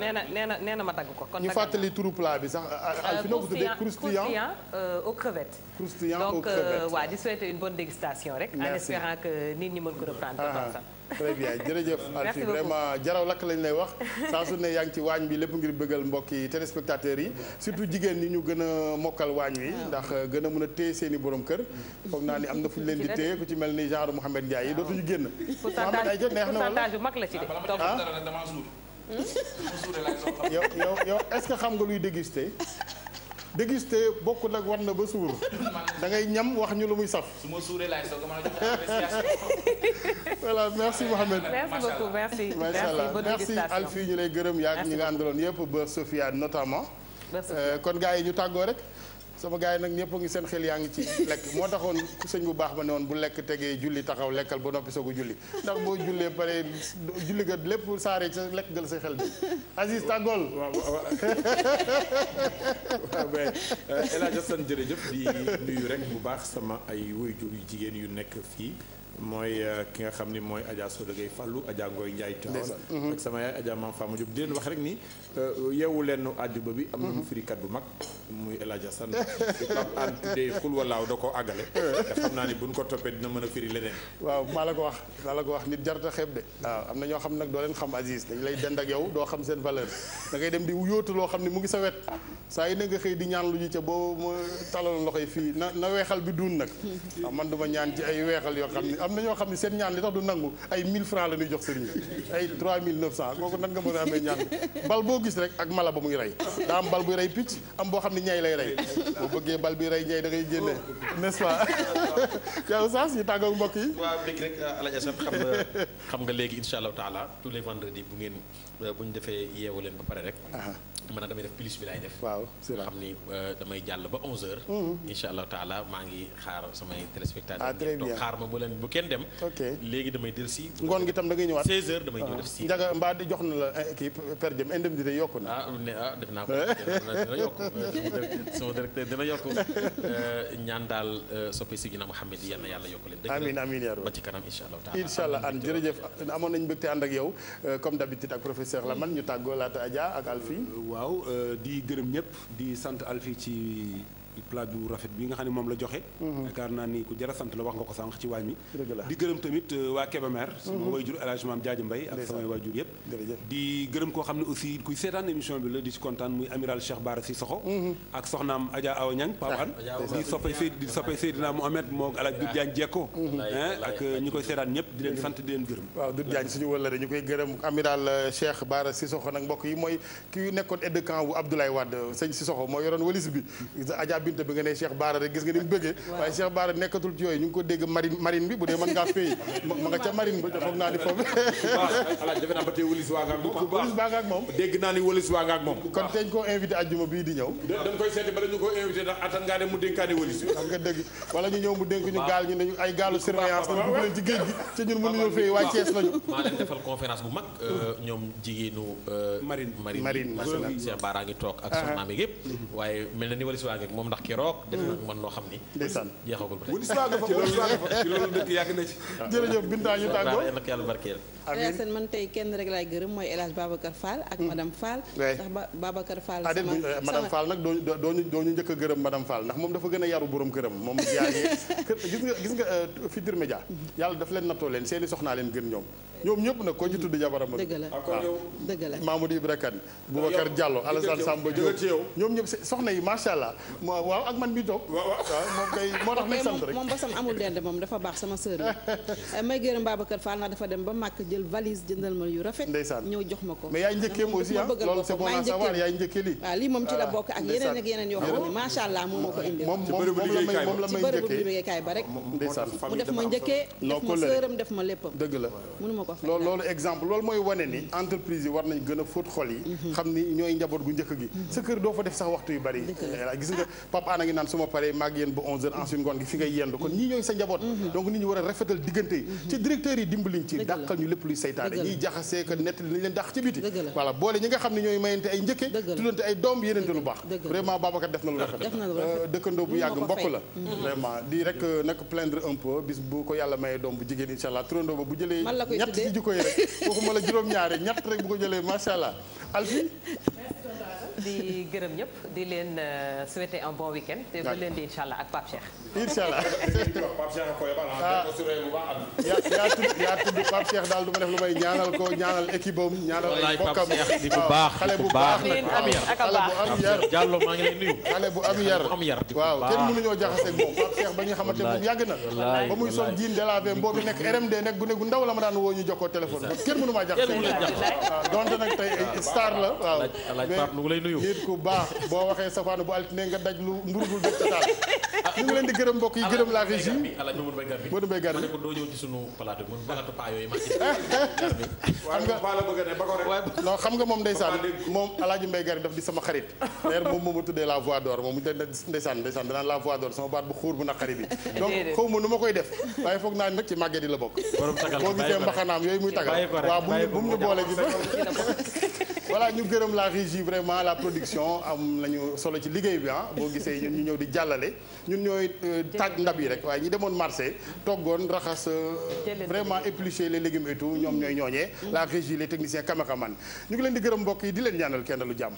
nee na nee na nee na ma dagg ko kon. ñu fàttali turu plat bi sax. alfino bu tuddee croustillant euh, euh, aux crevettes. croustillant aux euh, crevettes donc waa di souhaiter une bonne dégustation rek. en espérant que nit ñi mën ko reprendre. Ah, très bien jërëjëf. merci beaucoup vraiment jaraw lakk lañ lay wax. saa su ne yaa ngi ci waañ bi lépp ngir bëggal mbokki téléspectateurs yi surtout jigéen ñi ñu gën a mokkal waañ wi. Ah. ndax gën a mën a téye seen i borom kër. foog naa ni am na fu ñu leen di téye ku ci mel ni genre Mouhamed Ndiaye yi ah. dootuñu génn. pourcentage pourcentage bu mag la ci de. yow yow yow ce que xam nga luy déguster déguster bokk nag war na ba suur da ngay ñam wax ñu lu muy saf. su ma suuree laay soog a mën a jox voilà merci Mohamed. merci beaucoup merci. ñu lay gërëm yaa ngi ñu nga àndaloon yëpp Beurre Sofia notamment euh, kon gars yi ñu tàggoo rek. sama gars yi nag ñëpp a ngi seen xel yaa ngi ci lekk moo taxoon sëñ bu baax ba ne woon bu lekk tegee julli taxaw lekkal ba noppi soog a julli ndax boo jullee pare julli ga lépp saaree sa lekk gal sa xel bi Aziz tàggool waaw mais euh, El Hadj Assane jërëjëf di nuyu rek bu baax sama ay waajur yu jigéen yu nekk fii mooy euh, ki nga xam ni mooy Adja Soda Gueye Fallou Adja Ngoy Ndiaye Tivaouane mm-hmm. ak sama yaay Adja Maam Fama Diop di leen wax rek ni euh, yeewu leen àjjuma bi am na mm-hmm. bu mag muy El Hadj Assane di Pape da koo àggale xam naa ni buñ ko toppee dina mën a firi leneen waaw maa la ko wax maa la wax nit jarta xeeb de am na ñoo xam nag doo leen xam Aziz dañ lay dend ak yow doo xam seen valeur da ngay dem di yóotu loo xam ne mu ngi sa wet saa yi na nga xëy di ñaan lu ñu ca boo ma talaloon loxoy fii na na weexal bi duun nag man duma ñaan ci ay weexal yoo xam ne am na ñoo xam ne seen ñaan li tax du nangu ay 1000 francs la jox sëriñ bi ay 3900 kooku nan nga mën a amee ñaan bal boo gis rek ak mala ba muy rey daa am bal buy rey picc am boo xam ne ñay lay rey boo bëggee bal bi rey ñay da ngay génne n'est-ce pas yow saas ñu tàggoog mbokk yi waaw dégg rek xam nga xam nga léegi incha allahu taala tous les vendredis bu ngeen Euh, bu ñu defee yeewu leen ba pare rek. man damay def plus bi laay def. waaw xam ni euh, damay jàll ba 11h. Mhm. incha allahu taala maa ngi xaar samay téléspectateurs. ah très xaar ma bu leen bu kenn dem. ok léegi damay si ngoon gi tam da ngay ñëwaat 16h damay ñëw ah. def si. njaga mbaa di jox na la eh, kii per jëm indemnité yokku na. ah ne ah def naa ko dina yokku euh, sama directeur dina yokku ñaan daal soppi si ginnaaw Mouhamed na yàlla yokku leen. amiin amiin yaa ba ci kanam incha allahu taala. incha allah an jërëjëf amoon nañu mbégte ànd ak yow comme d'habitude ak Cheikh Lamane ñu tàggoo laata ak Alfi waaw euh, di gërëm ñëpp di sant Alfi ci plat bu rafet bi nga xam ne moom la joxe mhm. yaakaar naa ni ku jara sant la wax nga ko sànq ci waañ mi di gërëm tamit euh, waa Kébémer mhm. sama wayjur El Hadj Maam Jaaji Mbay ak samay wayjur yëpp di gërëm la di ci kontaan muy amiral Cheikh Bara Sissoko mhm. ak soxnaam di soppay Seyd di soppay Seydina Mohamed moo ak El Hadj Doudou ak euh, ñi koy seetaan ñëpp di leen sant di leen gërëm waaw Doudou Diagne suñu wëllëre ñu koy gërëm amiral euh, Cheikh Bara Sissoko nag mbokk yi mooy ki nekkoon aide de camp bu Abdoulaye sëñ Sissoko binta bi nga ne Cheikh Baara rek gis nga ni mu bëggee waaye Cheikh Baara nekkatul ci yooyu ñu ngi ko dégg marine marine bi bu dee mën ngaa fay ma nga ca marine ba foog naa ni foofu alaaj defe naa ba tey wëlis waa nga ak moom wëlis waa nga ak moom dégg naa ñëw dañ koy seeti bala ñu ko invité ndax attan ngaa dem mu dénkaane wëlis xam nga dëgg wala ñu ñëw mu dénk ñu gaal ñu ne ay gaalu surveillance la dugg leen ci géej gi te ñun mënuñu fay waa Thiès lañu maa euh, euh, ngi toog ak ah. soxnaam yëpp mm-hmm. waaye mel na ni wëlis waa ndax keroog. def na man loo xam ni. ndeysaan jeexagul ba tey. bu histoire nga fa bu histoire nga fa ci loolu dëkk yàgg na ci. jërëjëf Binta ñu tàggoo waaw nag yàlla barkeel. amiin man tey kenn rek laay gërëm mooy El Hadj Babacar Fall ak mm. madame Fall. ndax Babacar Fall. Ah, sama euh, sama madame Fall nag doo doo ñu doo ñu njëkk a gërëm madame Fall ndax moom a yaru borom këram moom yaa ngi gis nga gis nga euh, Futurs Médias yàlla daf leen nattoo leen seeni soxnaa leen gën ñoom ñoom ñëpp nag koo ci tudd jabaram soxna yi macha allah waaw ak man mi toog. waaw waaw moom kay moo tax nañ sant rek moom amul dend moom dafa baax sama sœur la may gërëm Babacar Fall na dafa dem ba màkk jël valise jëndal ma yu rafet. ndeysaan ñëw jox ma ko. mais yaay njëkkee aussi ah loolu c'est moom ci la ah, bokk ak yeneen ak yeneen yoo xam ne macha allah moom moo ko indi. moom moom la may njëkkee ci liggéeykaay ba rek. ndeysaan mu def ma njëkkee def ma sëram def ma léppam dëgg la mënuma ko fay loolu exemple loolu mooy wane ni entreprise yi war nañ gën a fóot xol yi mhm. xam ni ñooy njaboot gu njëkk gi mhm. sa kër doo fa def sax waxtu yu bari gis nga ah. Pape Ana ngi naan su ma paree maag yéen ba 11h ensuite ngoon gi fi ngay yendu kon ñii ñooy sa njaboot mm-hmm. donc nit ñi war a rafetal diggante yi mm-hmm. ci directeurs yi dimbaliñ ci dàqal ñu lépp luy saytaane ñiy jaxasee que nett li nañ leen ci biti voilà boole ñi nga xam ne ñooy mayante ay njëkke tuddante ay doom yénente lu baax vraiment Babacar def na lu rafet euh, dëkkandoo bu yàgg mbokk la mm-hmm. vraiment di rek euh, nag plaindre un peu bis bu ko yàlla mayee doom bu jigéen insha allah turandoo ba bu jëlee ñett ci jikko yi rek waxuma la juróom-ñaari rek bu ko jëlee macha allah di gërëm ñëpp di leen euh, souhaiter un bon week-end te ba leen di incha allah ak Pape Cheikh. incha allah. yaa tudd yaa tudd Pape Cheikh daal du ma def lu may ñaanal ko ñaanal équipe am ñaanal ay mbokkam di bu baax xale bu baax am yar xale bu am yar Diallo maa bu am yar am yar waaw kenn mënu ñoo jaxase ak moom Pape Cheikh ba ñu xamante moom yàgg na ba muy sol diin delavé boobu nekk RMD nekk gune gu ndaw la ma daan woo ñu jokkoo téléphone kenn mënu maa jaxase waaw donte nag tey star la waaw nuyu nit ku baax boo waxee safaanu bu altine nga daj lu ndurgul dëkk ca taal ñu ngi leen di gërëm mbokk yi gërëm la régie alaaj Mamadou Mbaye Garmi Mamadou Mbaye Garmi ma ne ko doo ñëw ci sunu plateau mu plateau paa yooyu la ba ko rek non xam nga moom ndeysaan moom alaaji Mbaye Garmi daf di sama xarit d'ailleurs moom mooma tuddee la voix d'or la voix d'or sama baat bu xuur bu naqari bi donc foog naa nag ci màgget yi la bokk boo gisee mbaxanaam yooyu muy tagal waaw bu mu ñu boole ji voilà ñu gërëm la régie vraiment production am nañu solo ci liggéey bi ah boo gisee ñun ñu ñëw di jàllale ñun ñooy euh, taaj ndab yi rek waaye ñi demoon marché toggoon raxas euh, vraiment éplucher les légumes et tout ñoom ñooy ñooñee mm-hmm. la régie les techniciens caméraman ñu ngi leen di gërëm mbokk yi di leen ñaanal kenn lu jàmm